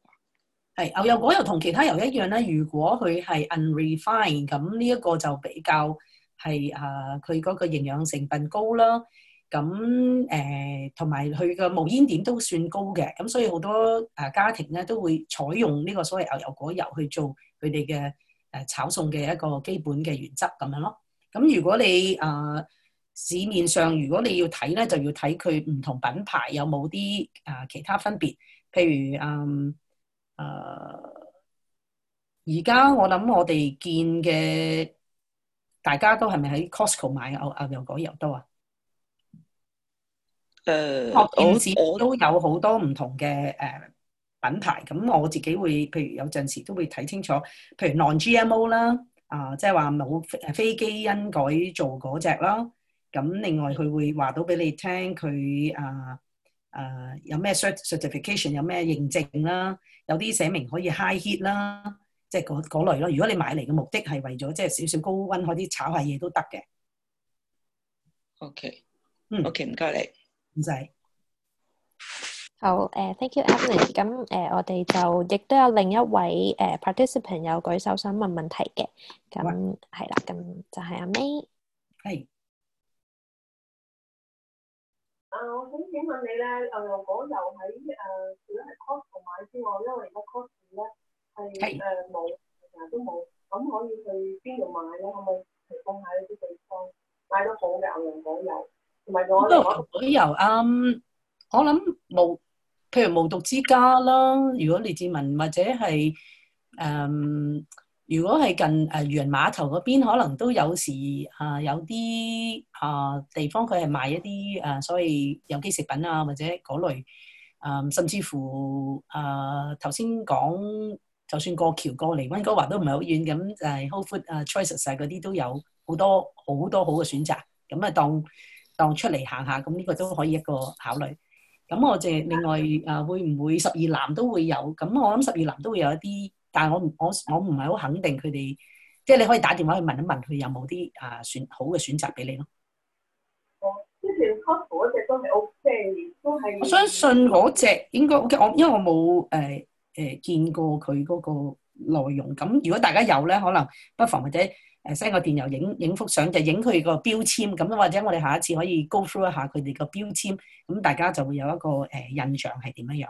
係牛油果油同其他油一樣咧。如果佢係 unrefined，咁呢一個就比較係啊，佢嗰個營養成分高啦。咁誒，同埋佢嘅冒煙點都算高嘅，咁所以好多誒家庭咧都會採用呢個所謂牛油果油去做佢哋嘅誒炒餸嘅一個基本嘅原則咁樣咯。咁如果你誒、呃、市面上如果你要睇咧，就要睇佢唔同品牌有冇啲誒其他分別。譬如嗯誒，呃、而家我諗我哋見嘅大家都係咪喺 Costco 買牛牛油果油多啊？誒、嗯，托片紙都有好多唔同嘅誒品牌，咁我自己會，譬如有陣時都會睇清楚，譬如 non-GMO 啦、呃，啊，即係話冇誒非基因改造嗰隻啦。咁另外佢會話到俾你聽，佢啊啊有咩 certification，有咩認證啦，有啲寫明可以 high heat 啦，即係嗰嗰類咯。如果你買嚟嘅目的係為咗即係少少高溫可以炒下嘢都得嘅。OK，okay 嗯，OK，唔該你。唔使，好誒，thank you，Evan，咁誒，我哋就亦都有另一位誒 participant 有舉手想問問題嘅，咁係啦，咁就係阿 May，係，啊，我想請問你咧，牛油果油喺誒，除咗係 Costco 買之外，因為個 Costco 咧係誒冇，成日都冇，咁可以去邊度買咧？可唔可以提供下呢啲地方買到好嘅牛油果油？咁啊，如果由啱，我、嗯、諗無，譬如無毒之家啦，如果列治文或者係誒、嗯，如果係近誒漁、呃、人碼頭嗰邊，可能都有時啊、呃，有啲啊、呃、地方佢係賣一啲誒、呃，所謂有機食品啊，或者嗰類誒、呃，甚至乎誒，頭先講就算過橋過嚟溫哥華都唔係好遠，咁誒，Whole Food 啊 Choices 嗰啲都有好多好多好嘅選擇，咁啊當，當出嚟行下，咁呢個都可以一個考慮。咁我就另外誒，會唔會十二男都會有？咁我諗十二男都會有一啲，但係我我我唔係好肯定佢哋，即係你可以打電話去問一問，佢有冇啲誒選好嘅選擇俾你咯。哦，之前嗰隻都係 O K，都係。我相信嗰隻應該 O K，我因為我冇誒誒見過佢嗰個內容。咁如果大家有咧，可能不妨或者。誒 send 個電郵影影幅相就影佢個標籤咁，或者我哋下一次可以 go through 一下佢哋個標籤，咁大家就會有一個印象係點樣樣。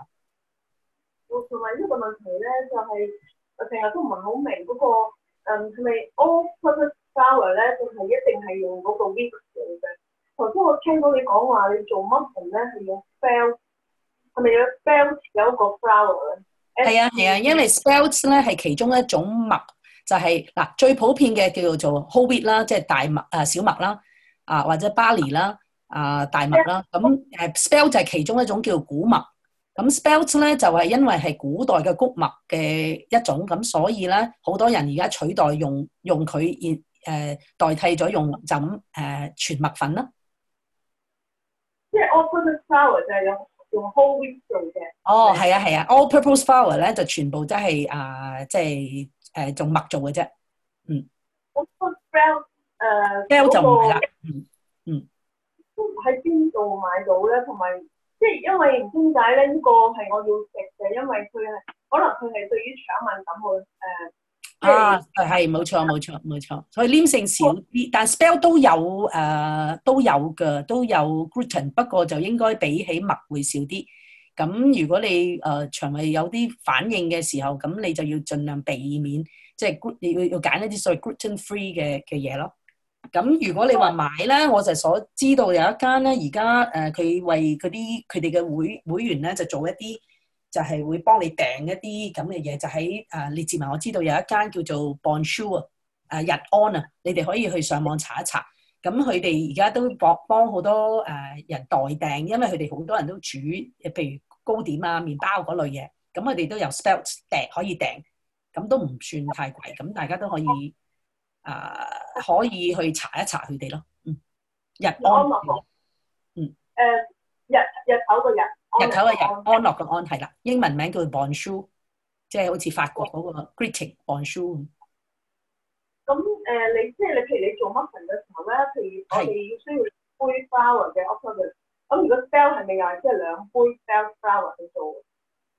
我同埋一個問題咧，就係我成日都唔係好明嗰個，誒係咪 all purpose flour 咧，係一定係用嗰個 wiki 嘅？頭先我聽到你講話你做乜同咧係用 spelt，係咪有 spelt 有一個 flour？係啊，係啊，因為 spelt 咧係其中一種物。就係、是、嗱，最普遍嘅叫做 whole wheat 啦，即係大麥啊、小麥啦，啊或者 barley 啦、啊、呃、大麥啦。咁誒 spelt 就係其中一種叫古麥。咁 spelt 咧就係、是、因為係古代嘅穀麥嘅一種，咁所以咧好多人而家取代用用佢而誒代替咗用就咁、呃、全麥粉啦。即、yeah. 係 all purpose flour 就係用用 whole wheat 做嘅。哦，係啊，係啊，啊，all purpose flour 咧就全部都係啊，即、呃、係。就是誒仲麥做嘅啫，嗯。我個 spell 誒 spell 就唔係啦，嗯嗯。喺邊度買到咧？同埋即係因為唔知解咧，呢個係我要食嘅，因為佢係可能佢哋對於腸敏感會誒，即係冇錯冇錯冇錯，錯所以黏性少啲，但 spell 都有誒都有嘅，都有 gluten，不過就應該比起麥會少啲。咁如果你誒腸胃有啲反應嘅時候，咁你就要盡量避免，即係要要要揀一啲所謂 gluten free 嘅嘅嘢咯。咁如果你話買咧，我就所知道有一間咧，而家誒佢為啲佢哋嘅會會員咧，就做一啲就係會幫你訂一啲咁嘅嘢，就喺誒列治文我知道有一間叫做 Bonjour 啊，誒日安啊，你哋可以去上網查一查。咁佢哋而家都幫幫好多誒人代訂，因為佢哋好多人都煮，譬如糕點啊、麪包嗰類嘢，咁佢哋都有 special 訂可以訂，咁都唔算太貴，咁大家都可以誒、呃、可以去查一查佢哋咯，嗯，日安，嗯，誒日日頭嘅日，日頭嘅日，安樂嘅安，係啦，英文名叫做 Bonjour 即係好似法國嗰個 greeting Bonjour。誒你即係你，譬如你做乜嘢嘅時候咧？譬如我哋需要杯花或者我 p e 咁如果 spell 係咪又係即係兩杯 spell 花去做？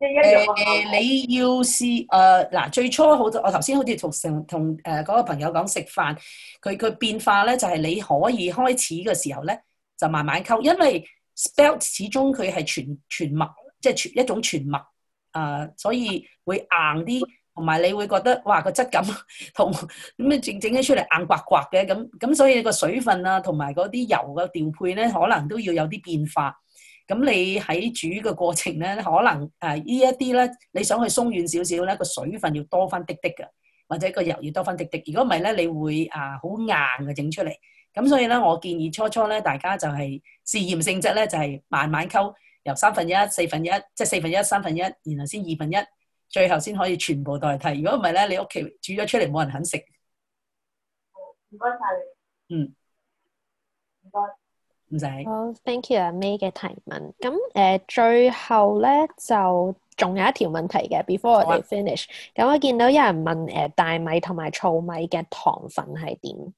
誒、呃、誒、呃，你要試誒嗱、呃，最初好多我頭先好似同成同誒嗰個朋友講食飯，佢佢變化咧就係你可以開始嘅時候咧就慢慢溝，因為 spelt 始終佢係全全麥，即係全一種全麥誒、呃，所以會硬啲。同埋你會覺得，哇，個質感同咁整整咗出嚟硬刮刮嘅，咁咁所以你個水分啊，同埋嗰啲油嘅調配咧，可能都要有啲變化。咁你喺煮嘅過程咧，可能、呃、呢一啲咧，你想去鬆軟少少咧，個水分要多翻滴滴嘅，或者個油要多翻滴滴。如果唔係咧，你會啊好、呃、硬嘅整出嚟。咁所以咧，我建議初初咧，大家就係試驗性質咧，就係、是、慢慢溝，由三分一、四分一，即係四分一、三分一，然後先二分一。最後先可以全部代替，如果唔係咧，你屋企煮咗出嚟冇人肯食。唔該晒你。嗯。唔該。唔使。好、well，thank you 阿 May 嘅提問。咁誒、呃，最後咧就仲有一條問題嘅，before we finish。咁、啊、我，我見到有人問誒、呃，大米同埋糙米嘅糖分係點？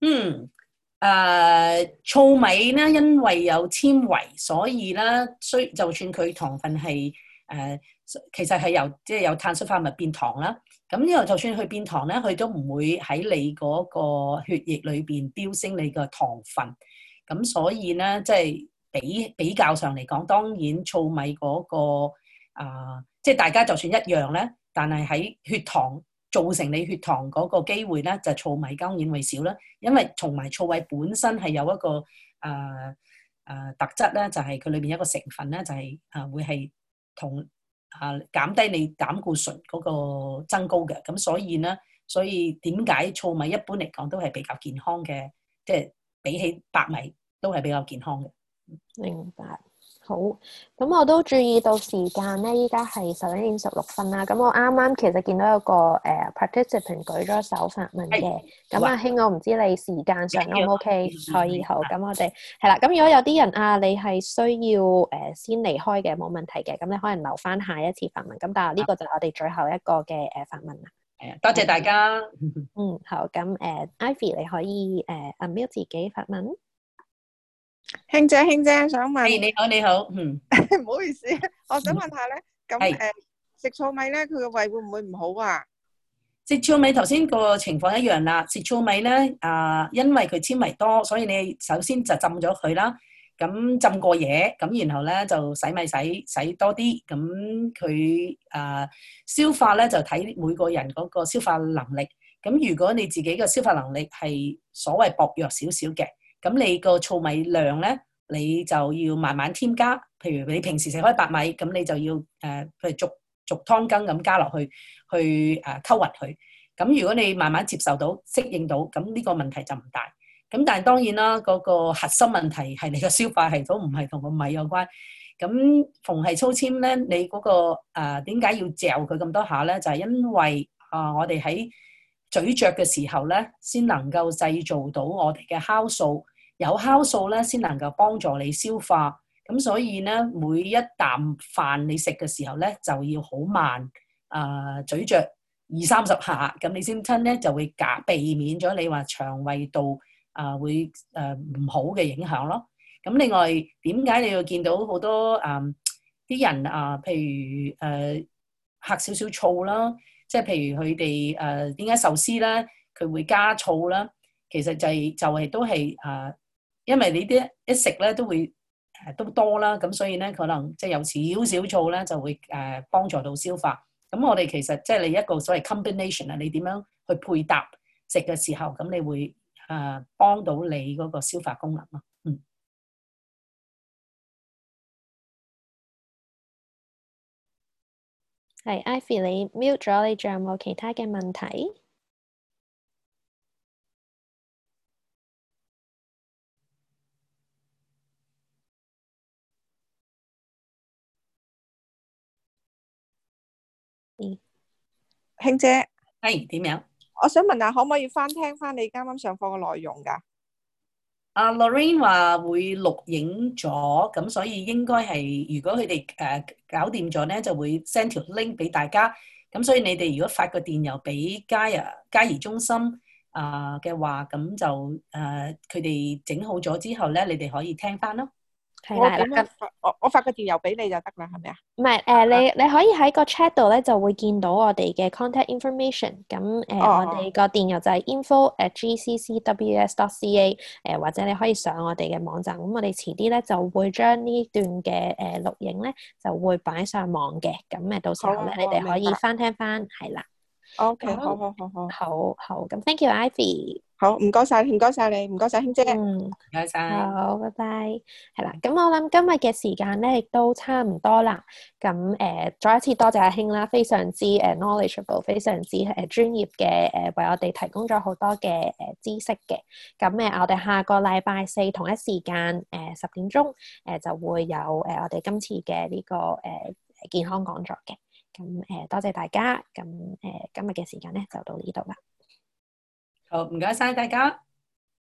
嗯。誒、呃，糙米咧，因為有纖維，所以咧，雖就算佢糖分係誒。呃其實係由即係、就是、有碳水化物變糖啦，咁呢個就算去變糖咧，佢都唔會喺你嗰個血液裏邊飆升你個糖分。咁所以咧，即、就、係、是、比比較上嚟講，當然糙米嗰、那個啊、呃，即係大家就算一樣咧，但係喺血糖造成你血糖嗰個機會咧，就糙米當然會少啦。因為同埋糙米本身係有一個誒誒、呃呃、特質咧，就係佢裏邊一個成分咧、就是，就係誒會係同。啊，減低你膽固醇嗰個增高嘅，咁所以咧，所以點解糙米一般嚟講都係比較健康嘅，即係比起白米都係比較健康嘅。明白。好，咁我都注意到時間咧，依家係十一點十六分啦。咁我啱啱其實見到有個誒、呃、participant 舉咗手發問嘅。咁阿卿，我唔知你時間上 O 唔、啊嗯、OK？可、嗯、以好，咁我哋係啦。咁、啊、如果有啲人啊，你係需要誒、呃、先離開嘅，冇問題嘅。咁你可能留翻下一次發問。咁但係呢個就係我哋最後一個嘅誒發問啦。係、呃啊、多謝大家。嗯，好。咁誒、呃、Ivy 你可以誒、呃、unmute 自己發問。卿姐，卿姐想問，你好，你好，嗯，唔好意思，我想問下咧，咁誒食糙米咧，佢個胃會唔會唔好啊？食糙米頭先個情況一樣啦，食糙米咧，啊，因為佢纖維多，所以你首先就浸咗佢啦，咁浸過夜，咁然後咧就洗米洗，洗多啲，咁佢誒消化咧就睇每個人嗰個消化能力，咁如果你自己個消化能力係所謂薄弱少少嘅。咁你個糙米量咧，你就要慢慢添加。譬如你平時食開白米，咁你就要誒，譬如逐逐湯羹咁加落去，去誒溝勻佢。咁如果你慢慢接受到、適應到，咁呢個問題就唔大。咁但係當然啦，嗰個核心問題係你個消化系統唔係同個米有關。咁逢係粗纖咧，你嗰個誒點解要嚼佢咁多下咧？就係因為啊，我哋喺咀嚼嘅時候咧，先能夠製造到我哋嘅酵素。有酵素咧，先能夠幫助你消化。咁所以咧，每一啖飯你食嘅時候咧，就要好慢，啊、呃、咀嚼二三十下，咁你先吞咧，就會隔避免咗你話腸胃道啊、呃、會誒唔、呃、好嘅影響咯。咁另外，點解你會見到好多啊啲、呃、人啊、呃，譬如誒嚇、呃、少少醋啦，即係譬如佢哋誒點解壽司咧，佢會加醋啦，其實就係、是、就係、是、都係啊～、呃因為你啲一食咧都會誒都多啦，咁所以咧，可能即係有少少燥咧就會誒幫助到消化。咁我哋其實即係你一個所謂 combination 啊，你點樣去配搭食嘅時候，咁你會誒幫到你嗰個消化功能咯。嗯，係，哎，Ivy 你 mute 咗，你仲有冇其他嘅問題？卿姐，係點樣？我想問下，可唔可以翻聽翻你啱啱上課嘅內容噶？阿 Lorraine 話會錄影咗，咁所以應該係如果佢哋誒搞掂咗咧，就會 send 條 link 俾大家。咁所以你哋如果發個電郵俾佳啊佳怡中心啊嘅，呃，話，咁就誒佢哋整好咗之後咧，你哋可以聽翻咯。係啦，我發、嗯、我發個電郵俾你就得啦，係咪、呃、啊？唔係，誒、呃，你你可以喺個 chat 度咧，就會見到我哋嘅 contact information。咁、呃、誒、哦，我哋個電郵就係 info at gccws.ca、呃。誒，或者你可以上我哋嘅網站。咁我哋遲啲咧就會將呢段嘅誒錄影咧就會擺上網嘅。咁誒，到時候咧你哋可以翻聽翻，係啦。OK，好好好好，好，好，咁 thank you Ivy。好，唔該晒，唔該晒你，唔該晒卿姐，唔該晒，好，拜拜，係啦，咁我諗今日嘅時間咧，亦都差唔多啦。咁誒，再一次多謝阿卿啦，非常之誒 knowledgeable，非常之誒專業嘅，誒為我哋提供咗好多嘅誒知識嘅。咁誒，我哋下個禮拜四同一時間誒十點鐘誒就會有誒我哋今次嘅呢個誒健康講座嘅。咁誒多謝大家，咁誒今日嘅時間咧就到呢度啦。好，唔該晒大家。